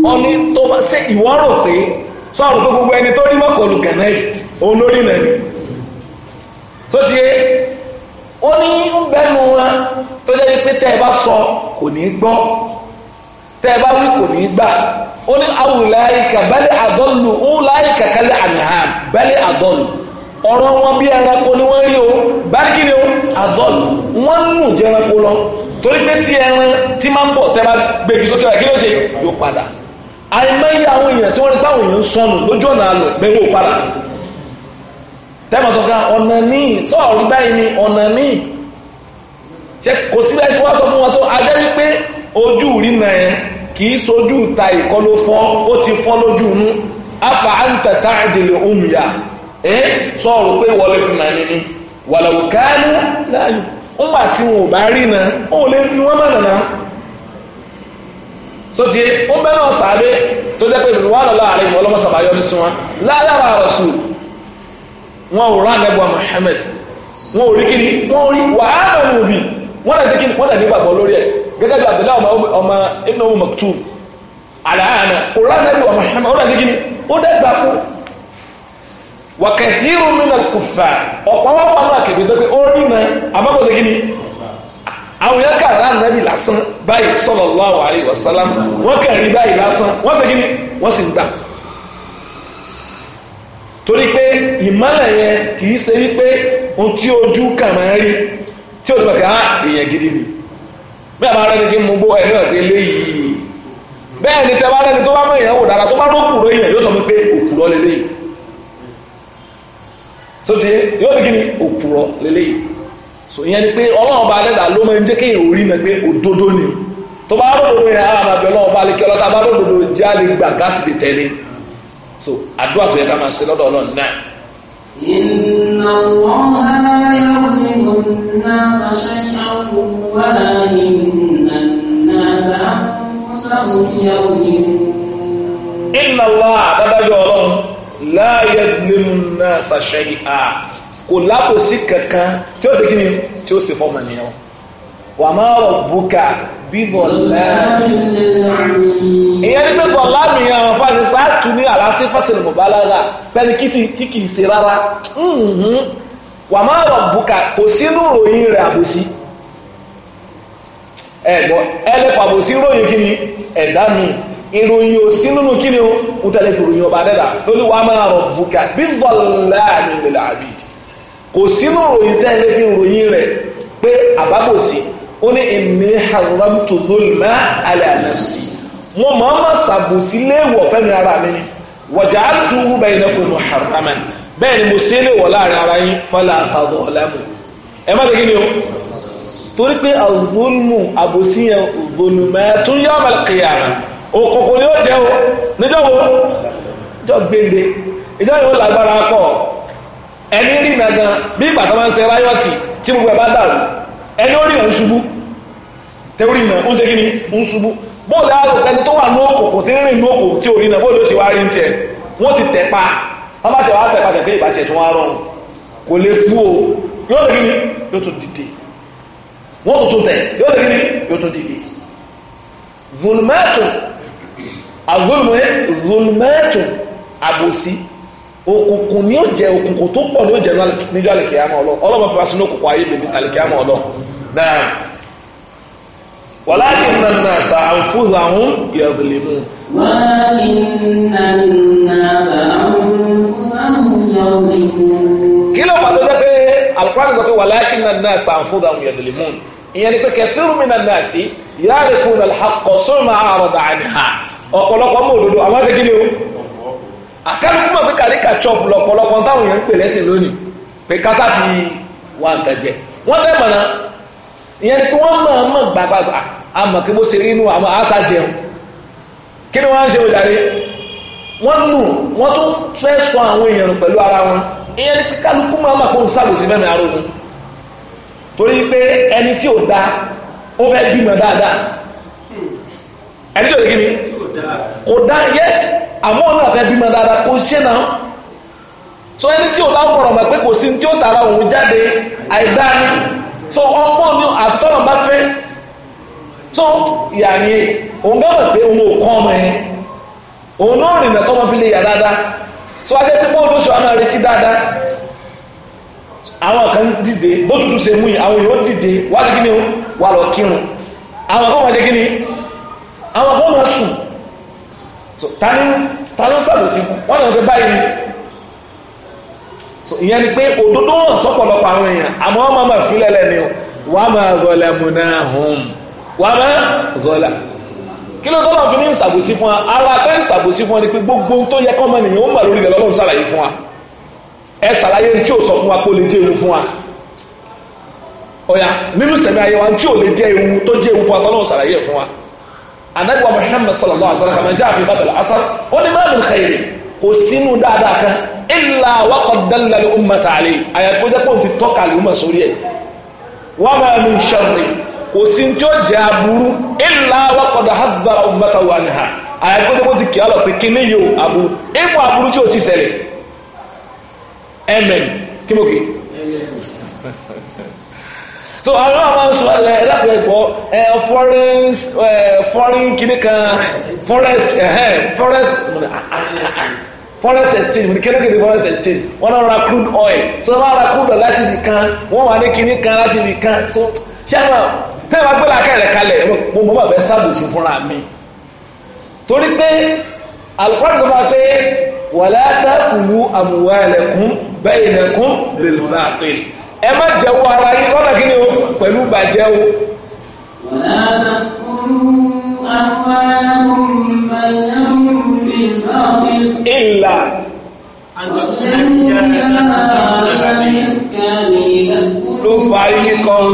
wọ́n ní tó bá ṣe ìwọ́n rò pé sọ́ọ̀rùn tó gbogbo ẹni tó ní mọ́kànlù gànáà yìí òun lórí náà ni tó ti yé ó ní ń bẹ́nu wọn tó jẹ́ pé tẹ́ ẹ bá sọ kò ní gbọ́ tẹ́ ẹ bá wí kò ní gbà ó ní awùláyìíkà bẹ́lẹ̀ àdọ́lù ó láyìíkà kálẹ̀ àmì hàn bẹ́lẹ̀ àdọ́lù ọ̀rọ̀ wọn bí ẹranko ni wọ́n rí o báríkì ni o àdọ́lù wọ́n nù jẹ ẹranko lọ torí pé tí ẹran tí máa ń bọ̀ tẹ́ bá gbèbí sókè rẹ̀ kí ló ṣe yóò padà àìmọye àwọn èèyàn tí wọ́n rí báwọn èèyàn ń sọnù lójú ọ̀nà àlò mẹ́wọ́ padà tẹ́mọ̀ ọ̀nà míì sọ̀rọ̀ rí báyìí ni ọ̀nà míì kò sí bẹ́ẹ̀ ṣe wá sọ fún wọn tó ajẹ́ wípé ojú rí nà ẹ́ kì í sojú ta ìkọlù fọ́ ó ti fọ́ lójú inú afa àǹtẹ̀tà àdìlẹ̀ òmùyà Eh, sọ̀rọ̀ pé wọlé fi màá nínú wàlàwùkánú láàyò ńgbà tí wọn ò bá rí na òun lè fi náà so ti ó bẹ́ẹ̀ náà sáré tó jẹ́ pé ìbùdó wà lọ́la ọlọ́mọ sàbáyọ ní sunwa láyàrá rọ̀sù wọn ò rá nẹ́bùa Muhammad wọn ò rí wọn ò rí wàhálà wọn umm Maktum kò wọn ó dẹ́gbà wàkàtírù mìíràn kùfà ọ̀pọ̀lọpọ̀ náà kẹ̀kẹ́ tó pé ó rí na àbábọ̀dé kí ni àwọn yẹn kà rà nàbì lásán báyìí sallallahu alaihi wasallam wọ́n kà rí báyìí lásán wọ́n sì kí ni wọ́n sì ń gbà torí pé ìmọ̀lẹ̀ yẹn kì í ṣe wípé ohun tí ojú kà máa rí tí o ti bàkà á èèyàn gidi ni bí àbá rẹni ti mú bó ẹ náà pé léyìí bẹ́ẹ̀ ni tẹ bá rẹni tó bá mọ èèyàn wò dára tó bá rọ òkúrò èèyàn yóò sọ pé òkúrò lélẹ́yìí tó ti yóò ní kíni òpùrọ̀ lélẹ́yìí so ìyẹn ni pé ọlọ́run bá dẹ́dà ló máa ń jẹ́ kéèyàn orí náà pé òdodo ni tó bá ròdòdó yẹn àwọn àbẹ̀ ọlọ́run bá lè kí ọlọ́ta bá ròdòdó jẹ́ àlè gbà gáàsì lè tẹ̀lé so àdúrà tó ká máa ṣe lọ́dọ̀ ọlọ́run náà. Inna Allaha la yuzlimu an-nasa shay'an walakinna an-nasa anfusahum yuzlimun. Inna Allaha dáadáa yọ ọlọ́run láàyè nínú náà ṣàṣẹ ìhà kò lábòsí kankan tí ó sì kí ni tí ó sì fọmọ nìyẹn wà má rọ bùkà bíbọ láàmì ìyẹn ní pé bọlá mi àwọn fani sáàtú ní àlásí fátìlì mọ̀bálára pẹ́nikítì tí kì í ṣe rárá wà má rọ bùkà kò sínú ròyìn rẹ̀ àbòsí ẹ̀gbọ́n ẹlẹ́fà àbòsí ròyìn kí ni ẹ̀dá mi ìròyìn ò sí nínú kí ni ó kú tẹ́lẹ̀ fi ròyìn ọba dẹ́dà lórí wàá máa rọ̀ bùkà bí bọ́ọ̀lá ni ìlẹ̀ àbí kò sínú ròyìn tẹ́lẹ̀ fi ròyìn rẹ̀ pé àbábòsí ó ní ìmí haramtu lólùmá alẹ́ àlẹ́sì wọn máa ma ṣàbòsí léèwọ̀ fẹ́mi ara mi ni wọ̀jà dùrú bẹ́ẹ̀ ní kùnú haramá bẹ́ẹ̀ ni mo ṣe léèwọ̀ láàrin ara yín fọlá àtàwọn ọ̀lẹ́mù ẹ má dẹ́gí ni o torí pé àwòrán àbòsí yẹn òdòlùmẹ́ tún yọ òkòkò ni ó jẹ́ o níjọ́wọ́ jọ gbére ìjọ́ yóò lágbára pọ̀ ẹni rí nàgan bí ìgbà tó máa ń ṣe ráyọ̀tì tí gbogbo ẹ̀ bá dàrú ẹni ó rí òun ṣubú tẹ́wọ́rì náà ó ń ṣe kí ni ń ṣubú bóòlù àrò ẹni tó wà ní òkòkò tí ń rìn ní òkòkò tí ò rí náà bóòlù ó ṣe wá rí ń tẹ̀ o yóò lè kí ni yóò tún dìde wọ́n tuntun àgbọ̀lùmọ́ zulmẹ́tù àbòsí òkùnkùn ni ó jẹ òkùnkùn tó pọ̀ ni ó jẹ níjọ́ àlìkìyàmọ̀ ọlọ́ ọlọ́mọ fún wa sínú òkùnkùn ayé bèbí àlìkìyàmọ̀ ọlọ́ náà wàláàkì nà nà sà àǹfùhù àwọn yàgùlìmù. wàláàkì nà nà sà àǹfùhù yàgùlìmù. kí ló pàtó jẹ́ pé alukóra sọ pé wàláàkì nà sà àǹfùhù àwọn ọ̀pọ̀lọpọ̀ mọ̀ òdodo àmọ́ ṣe kí ni o àkálùkù mọ̀ pé kàríkà chop lọ̀pọ̀lọpọ̀ táwọn èèyàn ń pè lẹ́sìn lónìí pé kásá fi wá nǹkan jẹ wọ́n fẹ́ mọ̀nà ìyẹn ni pé wọ́n mọ̀ mọ̀ gbàgbà àmọ̀ kí bó ṣe rí inú àmọ́ àṣà jẹun kí ni wọ́n ń ṣe òjàre wọ́n nù wọ́n tún fẹ́ sọ àwọn èèyàn pẹ̀lú ara wọn ìyẹn ni pé kálukú máa mà kó ń sàlùsí mẹ́rin arógun torí pé ẹni tí ò da ó fẹ́ bímọ dáadáa ẹni tí o lè kí kò dá yes àmọ́ ọ̀nà àfẹ́ bímọ dáadáa kò ṣe náà so ẹni tí o bá gbọ́dọ̀ mọ̀ pé kò sí tí ó tara òun jáde àìdá ni so ọmọ ni àtọ́nà bá fẹ́ so yàní e. òun gbọ́dọ̀ mọ̀ pé òun ò kọ́ ọmọ yẹn òun náà rìnà tọ́mọ fi lè yà dáadáa so ajé pípọ́ olóṣù àmọ́ retí dáadáa àwọn kan dìde bó tutù ṣe mú yìí àwọn èèyàn dìde wá sí kí ni wà lọ kírun àwọn kan wọ́n ṣe kí ni àwọn kan máa sùn ta ló sàbòsí wọ́n lọ pé báyìí ni ìyẹn ni pé òdodo hàn sọ́pọ̀lọpọ̀ àwọn èèyàn àmọ́ wọ́n máa máa ni wà á máa gọlẹ̀ múná hùm wà á máa gọlẹ̀ kí ló tọ́lọ̀ fi ní ìsàbòsí fún wa ara ìsàbòsí fún wa ni pé gbogbo tó yẹ kọ́ mọ́nìyàn ó mà lórí rẹ̀ lọ́lọ́run sàlàyé fún wa ẹ sàlàyé tí ò sọ fún wa kó lè jẹ́ anagba muhammed sallallahu alaihi wa sallam kàmájà àfi bàtàlá asar ó ní máa lù xeyìrì kò sínú dáadáa kan ilà wàkọ̀ dalilali ummata ali àyàkójá pọ̀ ti tọ́ka àlè umma sórí ẹ̀ wà á máa min sharri kò sí tí ó jẹ́ aburú ilà wàkọ̀ da hadara ummata wà ní ha àyàkójá pọ̀ ti kì á lọ pé kí ni yóò aburú ipò aburú tí ó ti ṣẹlẹ̀ amen kí mo kì so àwọn àwọn máa ń sọ ẹ ẹdáàbò ẹ foreign foreign kan forest forest eh, forest exchange ní kékeré forest exchange wọ́n náà ra crude oil so wọ́n ra crude oil láti ibì kan wọ́n wà ní kìíní kan láti ibì kan so ṣé àwọn tẹ́lẹ̀ máa gbé làákàyè kalẹ̀ mo mọ̀ bá fẹ́ sábòsí fúnra mi torí pé alukọ́ni tó máa pé wàlá tá kùlù àmúwálẹ̀kùn bẹ́ẹ̀ ilẹ̀kùn lè lọ́nà àtẹ̀lẹ̀ ẹ má jẹ́wọ́ ara yín lọ́nà kí ni o pẹ̀lú bàjẹ́ o. ìlà ló fa yí kan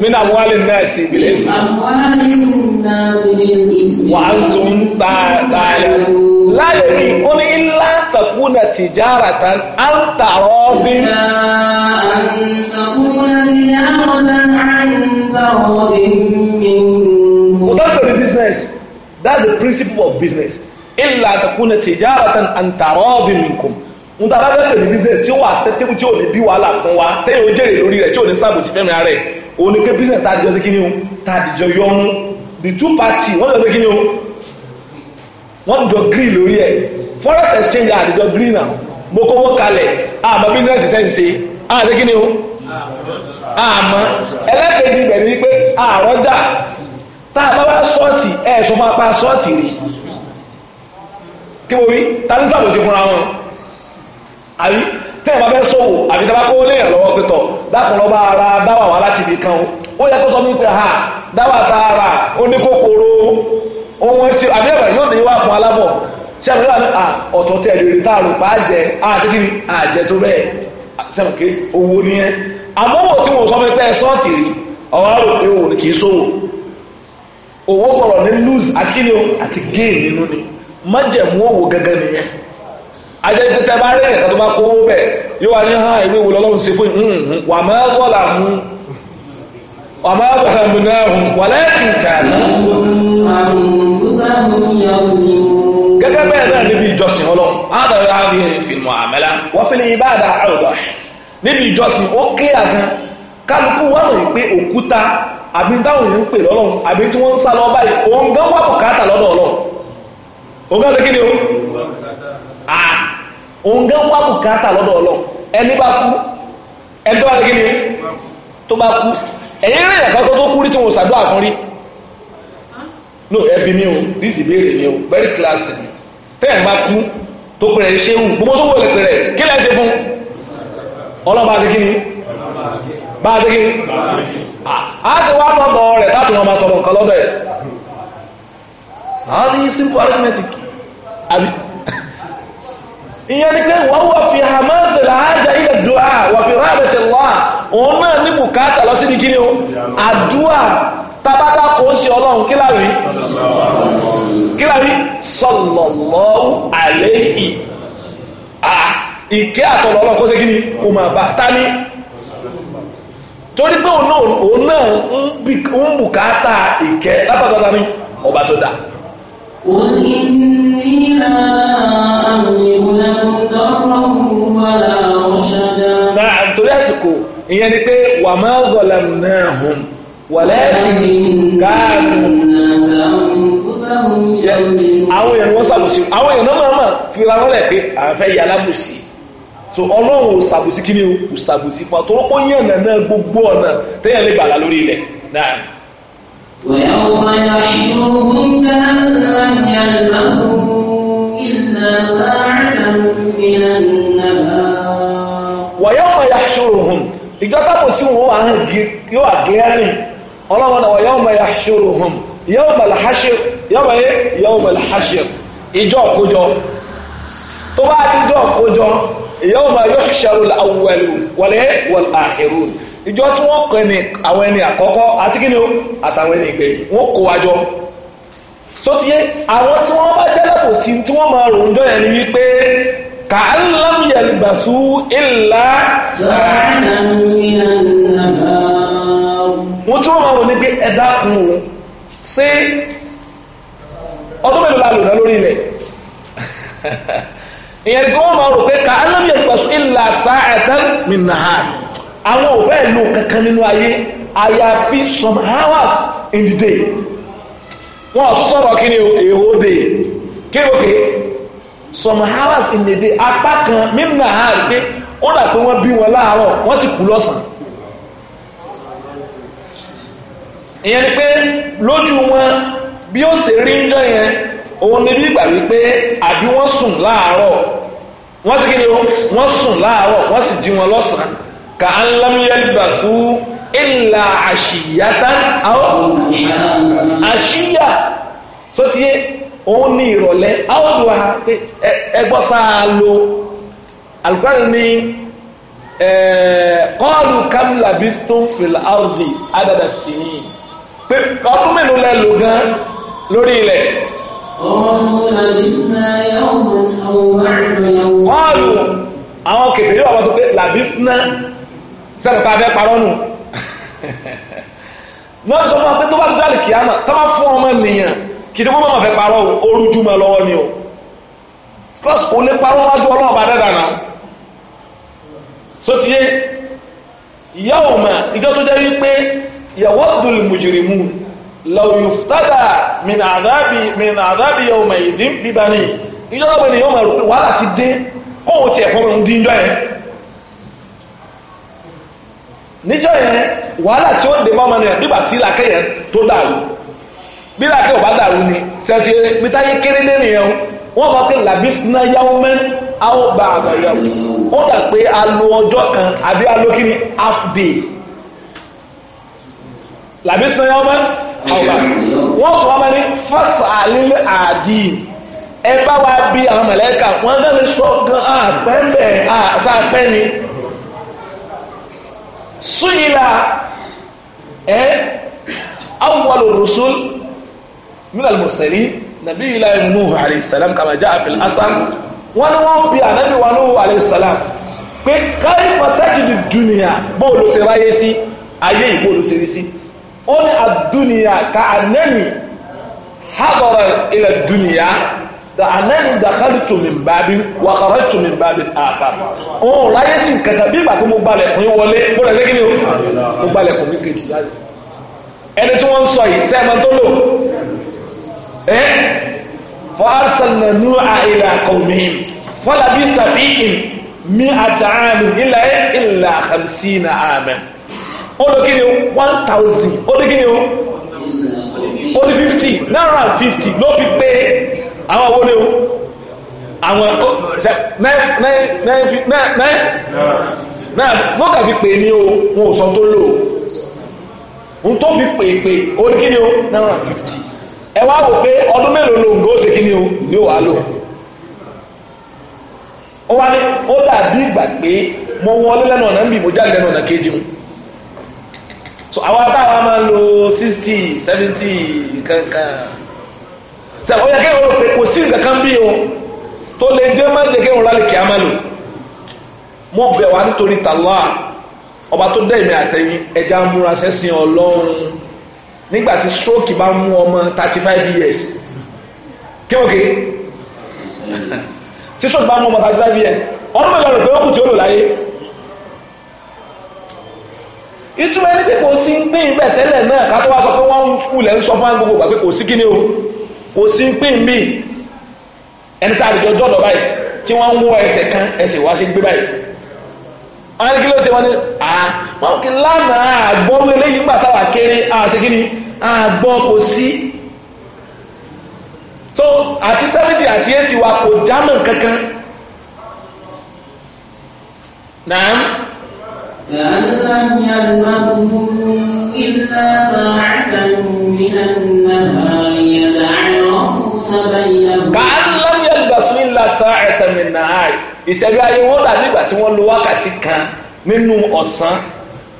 min amwali nasi bil ifmi wa antum ta'lamun la yaqulu illa takuna tijaratan anta radin. an takuna tijaratan anta radin. without the business that's the principle of business illa takuna tijaratan anta radin minkum n ta bá bẹ́ẹ̀ pẹ̀lú business tí ó wà acceptable tí ò ní bí wàhálà fún wa téèyàn ó jèrè lórí rẹ̀ tí ò ní sábò tí fẹ́mi rẹ̀ òun ni pé business tá a dìjọ́ kí ni o tá a yọ ọ́n the two party wọ́n lọ sí kí ni o wọ́n jọ green lórí ẹ̀ forest exchange àdìjọ green náà mo kówó kalẹ̀ àmọ́ business tẹ̀ ń ṣe àti kí ni o àmọ́ ẹlẹ́kẹ̀ẹ́jì bẹ̀rẹ̀ ni pé àrọ́jà tá a bá wá sọ́ọ̀tì ẹ̀ sọ fún apá sọ́ọ̀tì rí kí mo wí ta ní sàbòsí fúnra wọn àbí tẹ́ ẹ̀ bá fẹ́ sòwò àbí tẹ́ bá kówó léèyàn lọ́wọ́ pẹ̀tọ̀ dákùnrin ọba ara dáwà wá láti ibì kan o ó yẹ kó sọ mí pé ha dáwà tá a rà ó ní kòkòrò ohun ẹsẹ àbẹ́bà yóò ní wá fún alábọ̀ a wà ní ọ̀tọ̀ tẹ̀ lórí táàrù pa á jẹ àti kí ni àjẹ tó bẹ́ẹ̀ sẹ́mi ké owó nìyẹn àmọ́wò tí wọ́n sọ fẹ́ pẹ́ sọ́ọ̀tì rí ọ̀rọ̀ rò pé òun kì í sòwò owó gbọ́dọ̀ ní lose àti kí ni o àti gain nínú ni májẹ̀mú òwò gẹ́gẹ́ nìyẹn ajẹ́jẹ́ tẹ́ bá rí ẹ̀ka tó bá kó owó bẹ̀ yóò wá ní hàn ìwé wo lọ́lọ́run ṣe fún yìí wà máa gbọ́dọ̀ àmú wà máa gbọ́dọ̀ àmú náà wà lẹ́yìn kàánà tó gẹ́gẹ́ bẹ́ẹ̀ náà níbi ìjọsìn ọlọ́run ádàrà àbíyẹn fìmọ̀ àmẹ́lá wọ́n fi lè ìbáàdà àrùdọ̀ níbi ìjọsìn ó kíyà gan kálukú pé òkúta àbí táwọn èèyàn ń pè lọ́lọ́run àbí tí wọ́n ń sá lọ báyìí òun gan wà o òun gan wà bùkátà lọ́dọ̀ ọlọ́run ẹni bá kú ẹni tó bá ṣe kí ni tó bá kú ẹ̀yìn rẹ̀ no ẹbí mi o this ìbéèrè mi o very class statement tẹ́ẹ̀ bá kú tó pẹ̀rẹ̀ ṣe hù gbogbo tó wọlé pẹ̀rẹ̀ kí lẹ́ ṣe fún ọlọ́ba ṣe kí ni bá ṣe kí ni a ṣe wá lọ́dọ̀ rẹ̀ táàtù wọn máa tọrọ nǹkan lọ́dọ̀ ẹ̀ a ní simple arithmetic àbí ìyẹn ni pé wọ́n wà fi hamadhi làájá ilẹ̀ dùá wà fi rábẹ̀tẹ̀ lọ́à òun náà ní bùkátà lọ sí ni kí ni o àdúà tabata kò ń ṣe ọlọ́run kí láwí kí láwí sallallahu alayhi ìké àtọ̀lọ̀ ọlọ́run kó ṣe kí ni kò máa bá tání torí pé òun náà ń bùkátà ìké látọ̀dọ̀ tání ọba tó dá. قل إني لا أملك لكم ضرا ولا رشدا. نعم torí àsìkò ìyẹn ni pé وما ظلمناهم wàlẹ́ẹ̀kìn káàkùn so ọlọ́run òsàbòsí kí ní òsàbòsí pa tó rọ́pọ̀ yẹn nà náà gbogbo ọ̀nà tẹ́yẹ̀ lè bàlá lórí ilẹ̀ náà وَيَوْمَ يَحْشُرُهُمْ كَأَنْ لَمْ يَلْبَثُوا إِلَّا سَاعَةً مِنَ النَّهَارِ tábò sí wọn wà hàn yóò àgẹ́rìn ọlọ́wọ́n náà yọ́ mọ̀ yahshuruhum yọ́ mọ̀ làhásìr yọ́ mọ̀ yé yọ́ mọ̀ làhásìr ìjọ kójọ tó bá díjọ kójọ yọ́ mọ̀ yuhsharul awwalu wal eh, wal akhirun ìjọ tí wọ́n kọ́ ẹni àwọn tí wọ́n bá jẹ́lẹ̀bù sí tí wọ́n máa rò ń jọ yẹn ni wípé ka'allam yalbasu illa sa'atan minan nahar tí wọ́n máa wò ní pé ẹ̀dá kù ú ṣé ọdún mélòó la lò ná lórí ilẹ̀ ìyẹn ni kí wọ́n máa rò pé ká alámì ẹ̀pẹ̀sù ìlà sáàtàn mìnàhà àwọn ò fẹ́ lò kankan nínú ayé àyàfi some hours in the day wọ́n ọ̀tún sọ̀rọ̀ kí ni èho dé kí ló ké some hours in the day apá kan mìnàhà pé ó dà pé wọ́n bí wọn láàárọ̀ wọ́n sì kú lọ́sàn-án ìyẹn ni pé lójú wọn bí ó ṣe rí ńjọ́ yẹn òun ni bí gbà wípé àbí wọ́n sùn láàárọ̀ wọ́n sì kíni o wọ́n sùn láàárọ̀ wọ́n sì jí wọn lọ́sàn-án kà á ń lámúyẹ́lìbà sú ìlà àṣìyàtà àwọn àṣìyà tó ti yé òun ní ìrọ̀lẹ́ àwọn ìwà ẹgbọ́ lo alùpàdé ní kọ́ọ̀lù kam labistum fil ardi adada sinin pé ọdún mélòó lẹ lò gan lórí ilẹ̀. kọ́ọ̀lù àwọn kẹfìrí wà wọ́n sọ pé làbísínà sẹ́nu tá a fẹ́ parọ́ nù wọ́n sọ fún wa pé tó bá dúdú àlìkìyàmà tó bá fún ọmọ nìyàn kì í ṣe kó mọ̀ fẹ́ parọ́ orújú mọ́ lọ́wọ́ ni o kọ́sì kò lè parọ́ wájú ọlọ́run bá dáadáa náà so ti yé yawma ìjọ tó jẹ́ wípé yawaddu al-mujrimun law yuftada min adhabi min adhabi yawma idhin bi bani ìjọba pé ni yóò máa rò pé wàhálà ti dé kóhùn tiẹ̀ fún mi díjọ́ yẹn níjọ́ yẹn wàhálà tí ó dé mọ́ ọmọ nìyẹn nígbà tí làákẹ́ yẹn tó dàrú bí làákẹ́ ò bá dàrú ni sẹ́ńtì mítayé kéré dé nìyẹn o wọ́n máa pé làbísínà yáwó mẹ́rin a ó bá àgbà yàwó ó dà pé a lo ọjọ́ kan àbí a lo kí ni half day làbísínà yọ ọmọ ọba wọ́n tún ọmọ ní fásitì àlílẹ̀ àdìyí ẹ bá wa bí àwọn mọ̀lẹ́kà wọ́n gán mi sọ gan àpẹ́ńbẹ̀ ah, ah, àṣàpẹ́ ni súyìlà ẹ awwal rusul min al-mursalin nabiyyi nuhu alayhi salam kama jaa fil asar wọ́n ní wọ́n bí ànábì wa nuhu alayhi pé káyífà tájìdì dùnìyà bóòlù sí sí ayé ìbóòlù sí sí ó ní àdúnìyà ka ànẹ́ni hábọ̀rọ̀ ilẹ̀ dúnìyà da ànẹ́ni dàkàlù tòmí bábí wàkàrọ̀ tòmí bábí àkà òun ráyé sí kàkà bí ìgbà tó mo gbalẹ̀ kún wọlé bó lè lékè ní o mo gbalẹ̀ kún mi kejì láyé ẹni tí wọ́n ń sọ yìí sẹ́ẹ̀mọ́ tó lò ẹ́ fọ́ọ̀sán nùhà ilẹ̀ àkọ́mìhìn fọ́lá bí mi àtàánù ilẹ̀ ilẹ̀ àkàmsí na àmín ó lọ one thousand ó lé o fifty naira fifty ló fi pé àwọn àwọn olè o àwọn náà wọ́n kà fi pè ní o wọn ò sọ tó lò n tó fi pè pè o náírà fifty ẹ wá wò pé ọdún mélòó ló ń gò ó o ni ó wà lò ó wá ní ó dàbí ìgbà pé mo wọlé lẹ́nu ọ̀nà ń bì mo jáde lẹ́nu ọ̀nà kejì mu. so àwọn atáwa máa ń lo sixty seventy kankan sẹ ọ yẹ kí wọn rò pé kò sí nǹkan kan bí o tó lè jẹ má jẹ kí wọn rálẹ kí a máa lò mo bẹ̀ wá nítorí tàlọ́à ọba tó dẹ́ ìmẹ̀ àtẹ̀yìn ẹja múra sẹ́sìn ọlọ́run nígbà tí stroke bá mú ọmọ thirty five years kéwòké tí stroke bá mú ọmọ thirty five years ọdún mẹ́lẹ̀ rẹ̀ pé ó kù tí ó lò láyé. ìtumọ̀ ẹni pé kò sí ń pín bẹ́ẹ̀ tẹ́lẹ̀ náà ká tó wá sọ pé wọ́n ń ń sọ fún gbogbo o kò sí ń pín mí ẹni tá àdìjọ jọ̀dọ̀ báyìí tí wọ́n ń wọ ẹsẹ̀ kan ẹsẹ̀ wá sí gbé báyìí wọ́n á kí ló ṣe wọ́n ní à wọ́n kì í lánàá àgbọ̀ eléyìí gbà táwa kéré àṣẹ so àti àti wa kò jámọ̀ kankan كأن لم يلمسه إلا ساعة من النهار يتعرفون بينهم كأن لم يلبسوا إلا ساعة من النهار ìṣẹ́jú ayé wọn dàbí ìgbà tí wọ́n lo wákàtí kan nínú ọ̀sán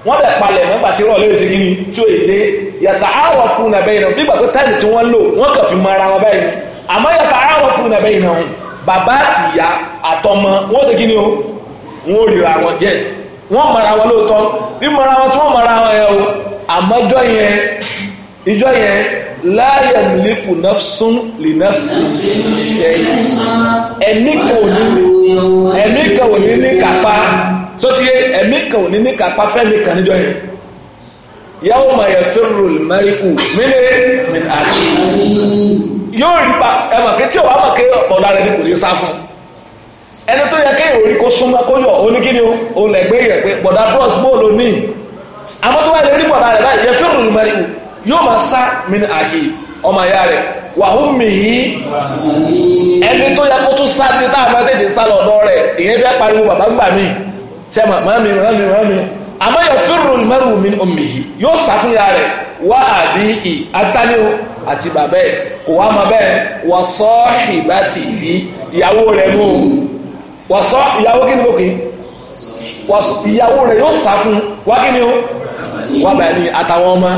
wọ́n dẹ̀ palẹ̀ mọ́gbà tí rọ̀lẹ́ òsì yìí tó èdè yàtà àwọ̀ fún nàbẹ́ ìnáwó bí gbàgbé táìmù tí wọ́n lò wọ́n kàn fi mọ ara wọn báyìí àmọ́ yàtà àwọ̀ fún nàbẹ́ ìnáwó bàbá àtìyá àtọmọ wọ́n ṣe kí ni o wọ́n ò ríra wọn yes wọ́n mara wọn lóòótọ́ bí mara wọn tí wọ́n mara wọn yẹn o àmọ́jọ́ yẹn ìjọ yẹn láàyè mílíkù nafsun lè nafsun ẹ̀mí kan ò ní ẹ̀mí kan ò ní ní kápá sọtíye ẹ̀mí kan ò ní ní kápá fẹ́mi kan níjọ yẹn yàwó ma yẹ fẹ́rù mẹ́ríkù mílẹ̀ mẹ́rin àti yóò rí pa ẹ̀mọ̀kẹ́ tí ò wá mọ̀kẹ́ ọ̀pọ̀ lára ẹni kò ní sá fún un. ẹni tó yẹ kéèyàn orí kó súnmọ́ kó yọ o yẹ pé bọ̀dà bros bóòlù ní àmọ́ tó lórí rẹ̀ báyìí ni yóò máa sá mi ní àkì ọmọ ìyá rẹ̀ wàhùn mi yìí ẹni tó yẹ kó tún sá ní táwọn ọmọ tètè sá lọ́dọ̀ rẹ̀ ìyẹn fẹ́ pariwo bàbá gbà mí sẹ́ màmá mi màmá mi màmá mi àmọ́ wàsọ ìyàwó kí ni mo kì í wàsọ ìyàwó yóò sá fún wá kí ni ó wà bàá ní àtàwọn ọmọ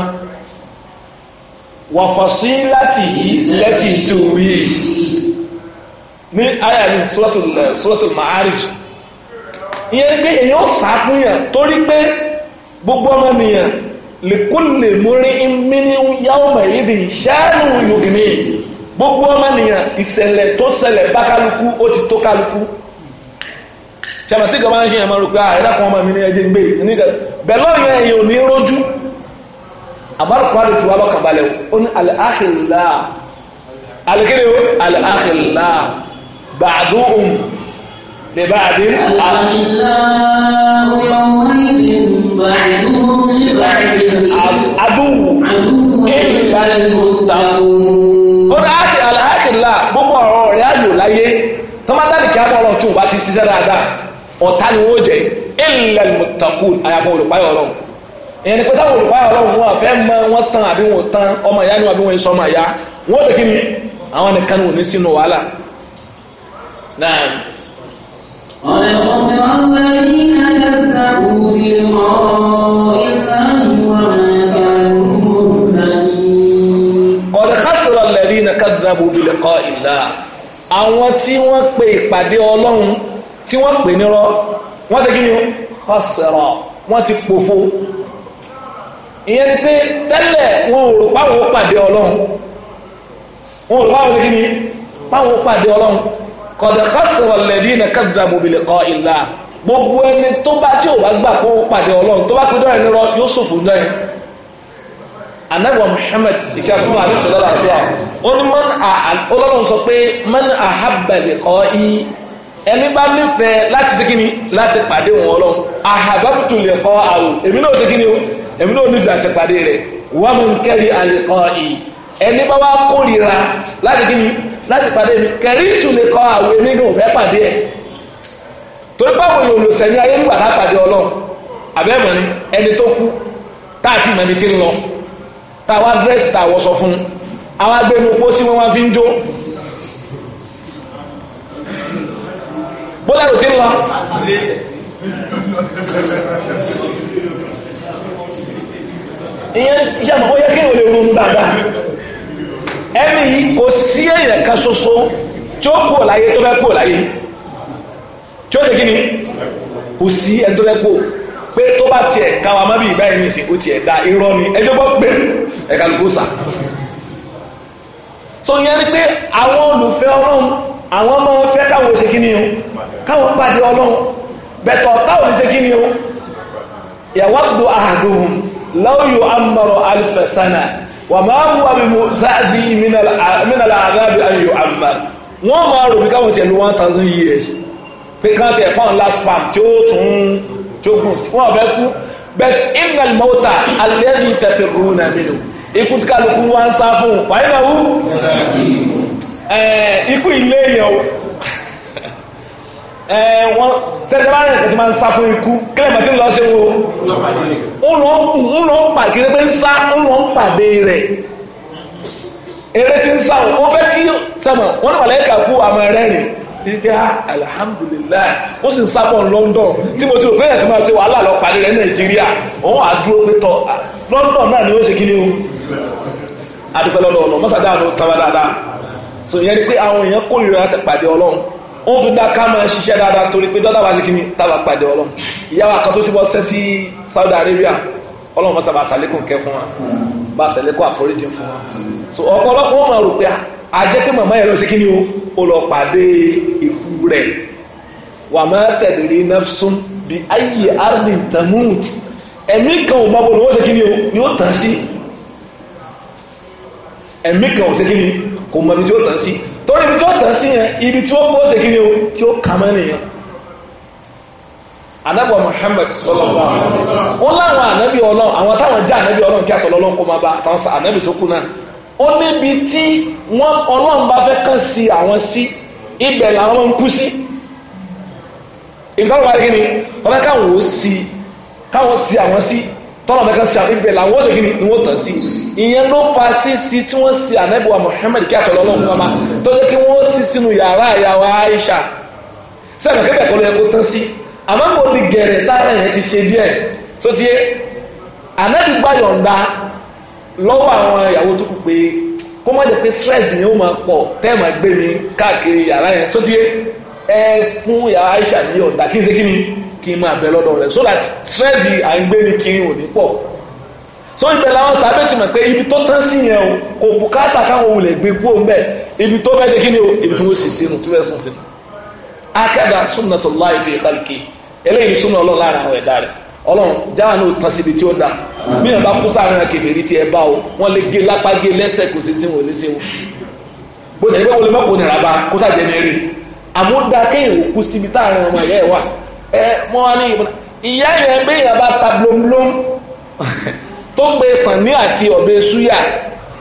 wàfọ̀sí láti lẹ́tì tùwí ní àyà ní eh, suratul Ma'arij ìyẹn pé èyàn sá fún yàn torí pé gbogbo ọmọ nìyàn lèkúlè múrí mímí yàwó mẹ̀yìdì ṣáàlù gbogbo ọmọ nìyàn ìṣẹ̀lẹ̀ tó ṣẹlẹ̀ bákálukú ó ti tó sẹ́mọ̀ tí kọ̀ọ̀bá ń ṣe ẹ̀mọ́ rò pé ààrẹ ah, kan ọmọ mi ní ẹjẹ́ gbé nígbà bẹ̀lọ́ yẹn èyàn ò ní rójú àbárùkúrádì fi wá lọ́kàn balẹ̀ ó ní al-akhilla alìkéde ó al-akhilla ba'duhum li ba'din adúwù ó ní al gbogbo ọ̀rọ̀ rẹ̀ á lò láyé tọ́mátàlì kí á bọ̀ ọ̀rọ̀ tún bá ti ṣiṣẹ́ dáadáa ọ̀tá ni wọ́n jẹ́ illal muttaqun àyàfọ́ olùpáyọ̀ ọlọ́run ìyẹn ni pé olùpáyọ̀ ọlọ́run wọn àfẹ́ mọ wọn tán àbí wọn tán ọmọ ìyá ni wọn àbí wọn sọ ọmọ ìyá wọn sì kí ni àwọn nìkan ni ní sínú wàhálà náà. ọ̀rẹ́ sọ́sẹ́ ọ̀lẹ́yìn ẹ̀ẹ́dẹ́gbẹ̀rún bí wọ́n ìlànà ìlà àwọn tí wọ́n pe ìpàdé ọlọ́run tí wọ́n pè nírọ́ wọ́n ti gíní ọ̀sẹ̀rọ̀ wọ́n ti pòfo ìyẹn ni pé tẹ́lẹ̀ wọn ò rò páwọn ó pàdé ọlọ́run wọn ò rò páwọn gíní páwọn ó pàdé ọlọ́run kọ̀dẹ̀kọ́sẹ̀rọ̀ lẹ̀bí na kẹ́gbà mòbìlẹ̀ kọ́ ìlà gbogbo ẹni tó bá tí ò bá gbà pé ó pàdé ọlọ́run tó bá pé dọ́rẹ̀ nírọ́ yóò ṣòfò náà anabiwa muhammad ìkà fún àdìsọ́lá àti àwọn onímọ̀ ọlọ́run sọ pé mọ́n àhábàlẹ̀ kọ́ yìí ẹni bá nífẹ̀ẹ́ láti ṣe kíni láti pàdé wọn ọlọ́run àhàbàbùtù lè kọ́ àrò èmi náà ṣe kíni o èmi náà nífẹ̀ẹ́ àti pàdé rẹ̀ wọ́n mú kẹ́rì àlèkọ́ yìí ẹni bá wá kórìíra láti kíni láti pàdé mi kẹ́rì tù lè kọ́ àrò èmi náà fẹ́ pàdé ẹ̀ torí báwo ni olùsẹ̀ni ayé nígbà tá a pàdé ọlọ́run àbẹ́mọ̀ ni ẹni tó kú tá a ti mọ̀ ẹni tí ń lọ tá dírẹ́sì tá bọ́lá ló ti ń lọ. ìyẹn jàmọ̀ ó yẹ kí ìwòlè ronú dáadáa ẹni yìí kò sí èèyàn kan ṣoṣo tí ó kú ọ̀láyé tó fẹ́ kú ọ̀láyé tí ó ṣe kí ni kò sí ẹni tó fẹ́ kú pé tó bá tiẹ̀ káwa má bí ìbá ìsìnkú tiẹ̀ da irọ́ ni ẹjọ́ gbọ́ pé ẹ̀ka ló kó sà. tó yẹn ni pé àwọn olùfẹ́ ọlọ́run àwọn ọmọ wọn fẹ́ káwọn ṣe kíní o káwọn pàdé ọlọ́run bẹ̀tọ̀ táwọn ṣe kíní o yawaddu ahaduhum law yu'ammaru alfa sana wa ma huwa bimu'zabi min al'adhabi an yu'ammar wọ́n máa rò bí káwọn tiẹ̀ lò one thousand years pé káwọn tiẹ̀ fún last farm tí ó tún bet innal mawta alladhi tafirruna minhu ikú tí kálukú wá ń sá fún un fàyínà wú. Eh, ikú ilé èèyàn o eh, wọ́n sẹ́jọba rẹ̀ tẹ̀tí máa ń sá fún ikú kílẹ̀mọ̀ tí ń lọ sí wo ń lọ kí pé ń sá ń pàdé rẹ̀ eré tí ń sá kí ah, alhamdulillah ó sì ń fún London tí mo ti rò ṣe wàhálà lọ pàdé Nàìjíríà òun àdúró ah, London náà ni ó ṣe kí ni o so ìyẹn ni pé àwọn èèyàn kórìíra láti pàdé ọlọ́run wọ́n fi dá ká máa ṣiṣẹ́ dáadáa torí pé dọ́tà bá ṣe kíni tábà pàdé ọlọ́run ìyá wa kan tó ti bọ́ sẹ́ sí Saudi Arabia ọlọ́run mọ́sá bá sàlékún kẹ́ fún wa bá sàlékún àforíjì fún wa so ọ̀pọ̀lọpọ̀ wọn máa rò pé àjẹ́ pé màmá yẹn lọ sí kíni o ó lọ pàdé ikú rẹ̀ wà máa tẹ̀lé nafsun bí ayé ardin tamut ẹ̀mí kan ò máa bọ̀ ni wọ́n ṣe kíni o ni ó tàn sí ẹ̀mí kan ò ṣe kíni kò mọ ibi tí ó tàn sí torí ibi tí ó tàn sí yẹn ibi tí ó kó ṣe kí ni o tí ó kà mọ́ nìyẹn anabi muhammed sọlọlọ wọn láwọn anabi àwọn táwọn já anabi Ọlọ́run kí kó máa bá àtàwọn sa anabi tó kú náà ó níbi tí wọn Ọlọ́run bá fẹ́ kàn sí àwọn sí ibẹ̀ làwọn ń kú sí ìfọwọ́n bá kí ni tọ́lọ̀ mẹ́kan sí àbíbẹ̀ làwọn ṣe gíní ni wọ́n tàn sí ìyẹn ló fa sísí tí wọ́n sí ànẹ́bùwà Muhammad kí àtọ̀lọ́ ọlọ́run kọ́má tó jẹ́ kí wọ́n sí sínú yàrá ìyàwó Aisha sẹ́nu kẹ́kẹ́ kọ́ ló yẹ kó tán sí àmọ́ mo di gẹ̀rẹ̀ tá ẹ̀yẹ ti ṣe díẹ̀ tó ti yé ànẹ́bù gbàyọ̀ǹda lọ́wọ́ àwọn ìyàwó tó kù pé kó má jẹ́ pé stress ni ó máa pọ̀ tẹ́ẹ̀mà gbé mi káàkiri yàrá yẹn tó ti yé ẹ fún ìyàwó Aisha ní ọ̀dà kí n ṣe kí ni kí n máa bẹ lọ́dọ̀ rẹ̀ so that stress àgbéni kiri ò ní pọ̀ so ibẹ̀ làwọn sábẹ́ ti mọ̀ pé ibi tó tán sí yẹn o kò bùkátà káwọn olè gbé kú òun bẹ́ẹ̀ ibi tó fẹ́ ṣe kí ni o ibi tí wọ́n sì sínú tí wọ́n sùn sínú akada sunnatullahi fi khalqi eléyìí súnmọ́ ọlọ́run lára àwọn ẹ̀dá rẹ̀ ọlọ́run jáwà náà tán síbi tí ó dà mìíràn bá kú sáàrin rẹ̀ kèfèrí tí ẹ bá o wọ́n lè gé lápá gé lẹ́sẹ̀ kò sí tí wọ́n lè ṣe o bó jẹ́ mọ́kò nìra bá kó sàjẹ́ ní àmúdá kéèyàn kú síbi táàrin ọmọ ẹ̀yẹ́ wà ẹ mọ́ wá ní ìbùnà ìyá yẹn béèyàn bá ta blomblom tó gbé sànní àti ọ̀bẹ súyà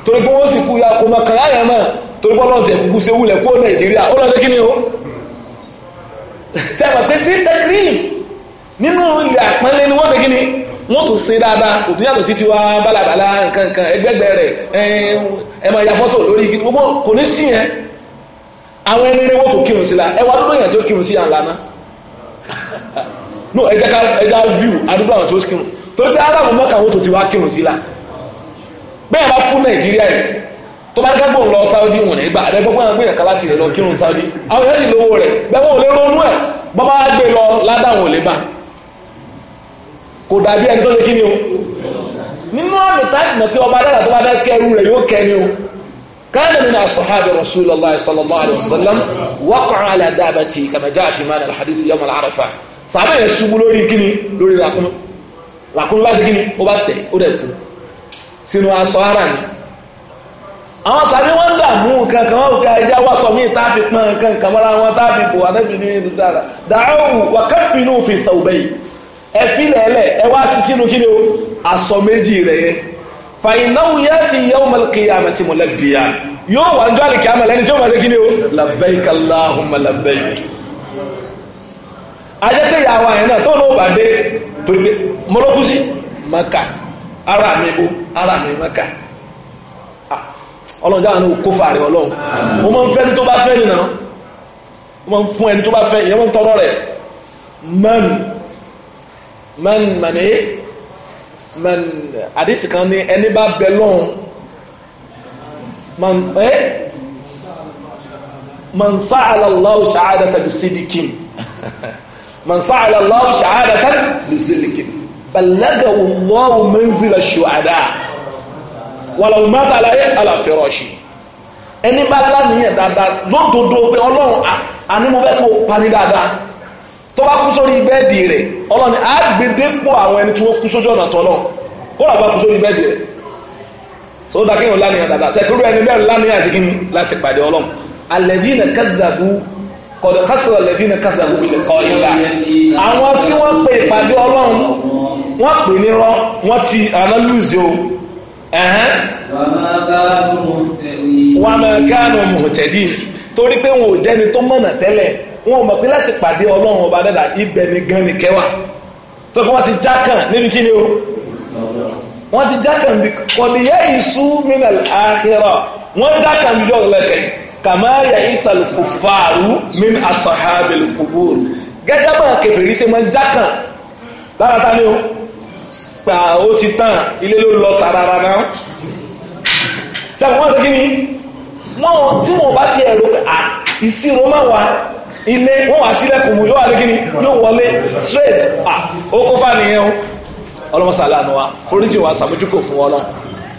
torí pé wọ́n sì kú ya kó mọ́kàn láyà náà torí pé ọlọ́run ti ẹ̀kú ṣe wulẹ̀ kó nàìjíríà ó lọ́dún kí ni o sẹ́wọ̀n pé fi tẹ́kírìm nínú ilẹ̀ àpọ́nlé ni wọ́n ṣe kí ni wọ́n tún ṣe dáadáa kò tún yàtọ̀ títí wá bálabàlá nǹkan nǹkan ẹgbẹ́gbẹ́ rẹ̀ ẹ máa ya fọ́tò lórí igi gbogbo kò ní sí yẹn àwọn ẹni ni wọ́n tún kírun sí la ẹ lóyún àti ó kírun sí àlànà no ẹja ká ẹja view àdúgbò àwọn tó kírun torí pé aráàlú mọ́kà wọn tó ti wá kírun sí la bẹ́ẹ̀ bá kú nàìjíríà yìí tó bá dágbò ń lọ sáúdí wọn nígbà àdẹ́gbọ́gbọ́n àwọn èèyàn kan láti rẹ̀ lọ kírun sáúdí àwọn èèyàn sì lówó rẹ̀ bẹ́ẹ̀ wọn ò lè ronú ẹ̀ bọ́ bá gbé lọ ládàwọn ò lè bà kò dàbí ẹni tó lè kí ni o nínú àmì táìsì náà pé ọba dára tó bá fẹ́ kẹrù rẹ̀ yóò kẹ ni o كان من أصحاب رسول الله صلى الله عليه وسلم وقع على دابته كما جاء في معنى الحديث يوم العرفة صحابة يسوبوا لوري كني لوري لكم لكم لا سكني وبات ودكم sínú aṣọ ara ni àwọn sàbí wọ́n dàmú nǹkan kan wọ́n ká ẹjá wá sọ mí tá fi pọn nǹkan kan mọ́ra wọn tá fi bò àtẹ́bí ní ìlú dára dàáwù wà kẹ́fìnú fi tàùbẹ́yì ẹ fílẹ̀ ẹlẹ̀ ẹ wá sí sínú kí ni o aṣọ méjì rẹ̀ yẹn fàyínáwó yẹ ti yẹwò malikiyà àmàtí mo lẹbìyà yóò wà ní jọ́lì kìámà lẹ́ni tí ó máa ṣe kí ni o labẹ́yìí kàláhùnmá labẹ́yìí. ajẹ́pẹ́ ìyàwó àyẹ̀ náà tóun náà bá dé torí pé mọ́lọ́kùsí maka ara mi bo ara mi maka ọlọ́run jáwọn kó fàárì ọlọ́run mo máa ń fẹ́ ní tó bá fẹ́ nìyẹn mo máa ń fún ẹni tó bá fẹ́ ìyẹn mo ń rẹ̀ mẹ́nu mẹ́nu mẹ́nu àdìsí kan ní ẹni bá bẹ lọ́hùn man sa'ala Allahu shahadata bi sidikin man sa'ala Allahu shahadata bi sidikin balaga Allahu manzila shuhada walau mata ala firashi ẹni bá lánìyàn dáadáa lódodo pé ọlọ́run ah, àní mo fẹ́ kó parí dáadáa tó bá kú sórí bẹ́ẹ̀dì rẹ̀ ọlọ́ni á gbé dépò àwọn ẹni tí wọ́n kú sójú ọ̀nà tọ́lọ́ kó làbá kú sórí bẹ́ẹ̀dì rẹ̀ tó dá kéèyàn lánìyàn dáadáa sẹ́kúrú ẹni bẹ́ẹ̀ lánìyàn àti kíni láti pàdé ọlọ́run alladhina kadhabu qad khasira alladhina kadhabu bi liqa'illah àwọn tí wọ́n pe ìpàdé ọlọ́run wọ́n pè ní rọ́ wọ́n ti àná lùzì o wọ́n máa kánú muhtadin torí pé wọn mọ̀ pé láti pàdé ọlọ́run ọba dẹ́dà ibẹ̀ ni gan ni kẹwà tó kí wọ́n ti jákàn níbi kí ni o wọ́n ti jákàn bí kọ̀díyẹ́ ìṣú minal akhirah wọ́n jákàn bí yọ̀ọ́ lẹ́kẹ̀ kàmá yà ìsàl min asahabil kubur gẹ́gẹ́ bá kẹfìrí ṣe máa jákàn lára ta ni o pa ó ti tàn ilé ló lọ tàràrà náà ṣe àwọn ọ̀sẹ̀ kí ni wọ́n tí wọ́n bá ti ẹ̀rọ pé ìṣirò máa wà ilé wọ́n wá sílẹ̀kùn mú yóò wà lókè yóò wọlé straight ah ó bá nìyẹn o ọlọ́mọsá aláàánú wa foríjì wa sàmójúkò fún wọn náà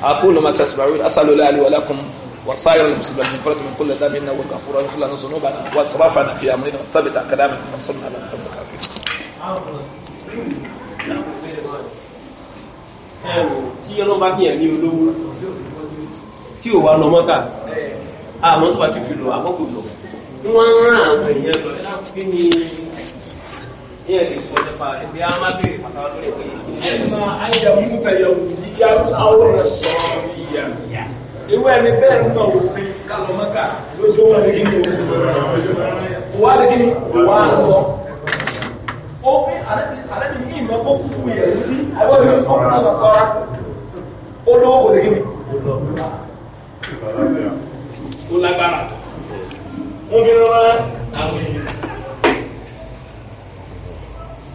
aqulu ma tasma'un asálólé àlè wàlákùn وسائر المسلمين من فرط من كل ذنب انه غفور يغفر لنا ذنوبنا واسرافنا في امرنا وثبت اقدامنا وانصرنا على القوم الكافرين. tí ọlọ́run bá fihàn ní olówó tí ò wá lọ mọ́ta àmọ́ tó bá ti fi lọ àkókò lọ wọ́n ń rán àwọn èèyàn lọ kí ni ní ẹ̀rí sọ nípa rẹ̀ bí a máa bèèrè pàtàkì lórí pé ẹni máa ayẹ mú tẹ̀yẹ òjì yá àwòrán sọ ìyá ìwé ẹni bẹ́ẹ̀ ń tọ̀ òfin kálọ̀ mọ́kà lójú wọn ní kí ni òun wá sí kí ni wá sọ ó fi àlẹ́bí ní ìmọ̀ kó kú yẹ̀ sí àbọ̀dé ọkùnrin sọ sọ́ra ó lówó kò kí ni ó lágbára. 牧民们，阿弥。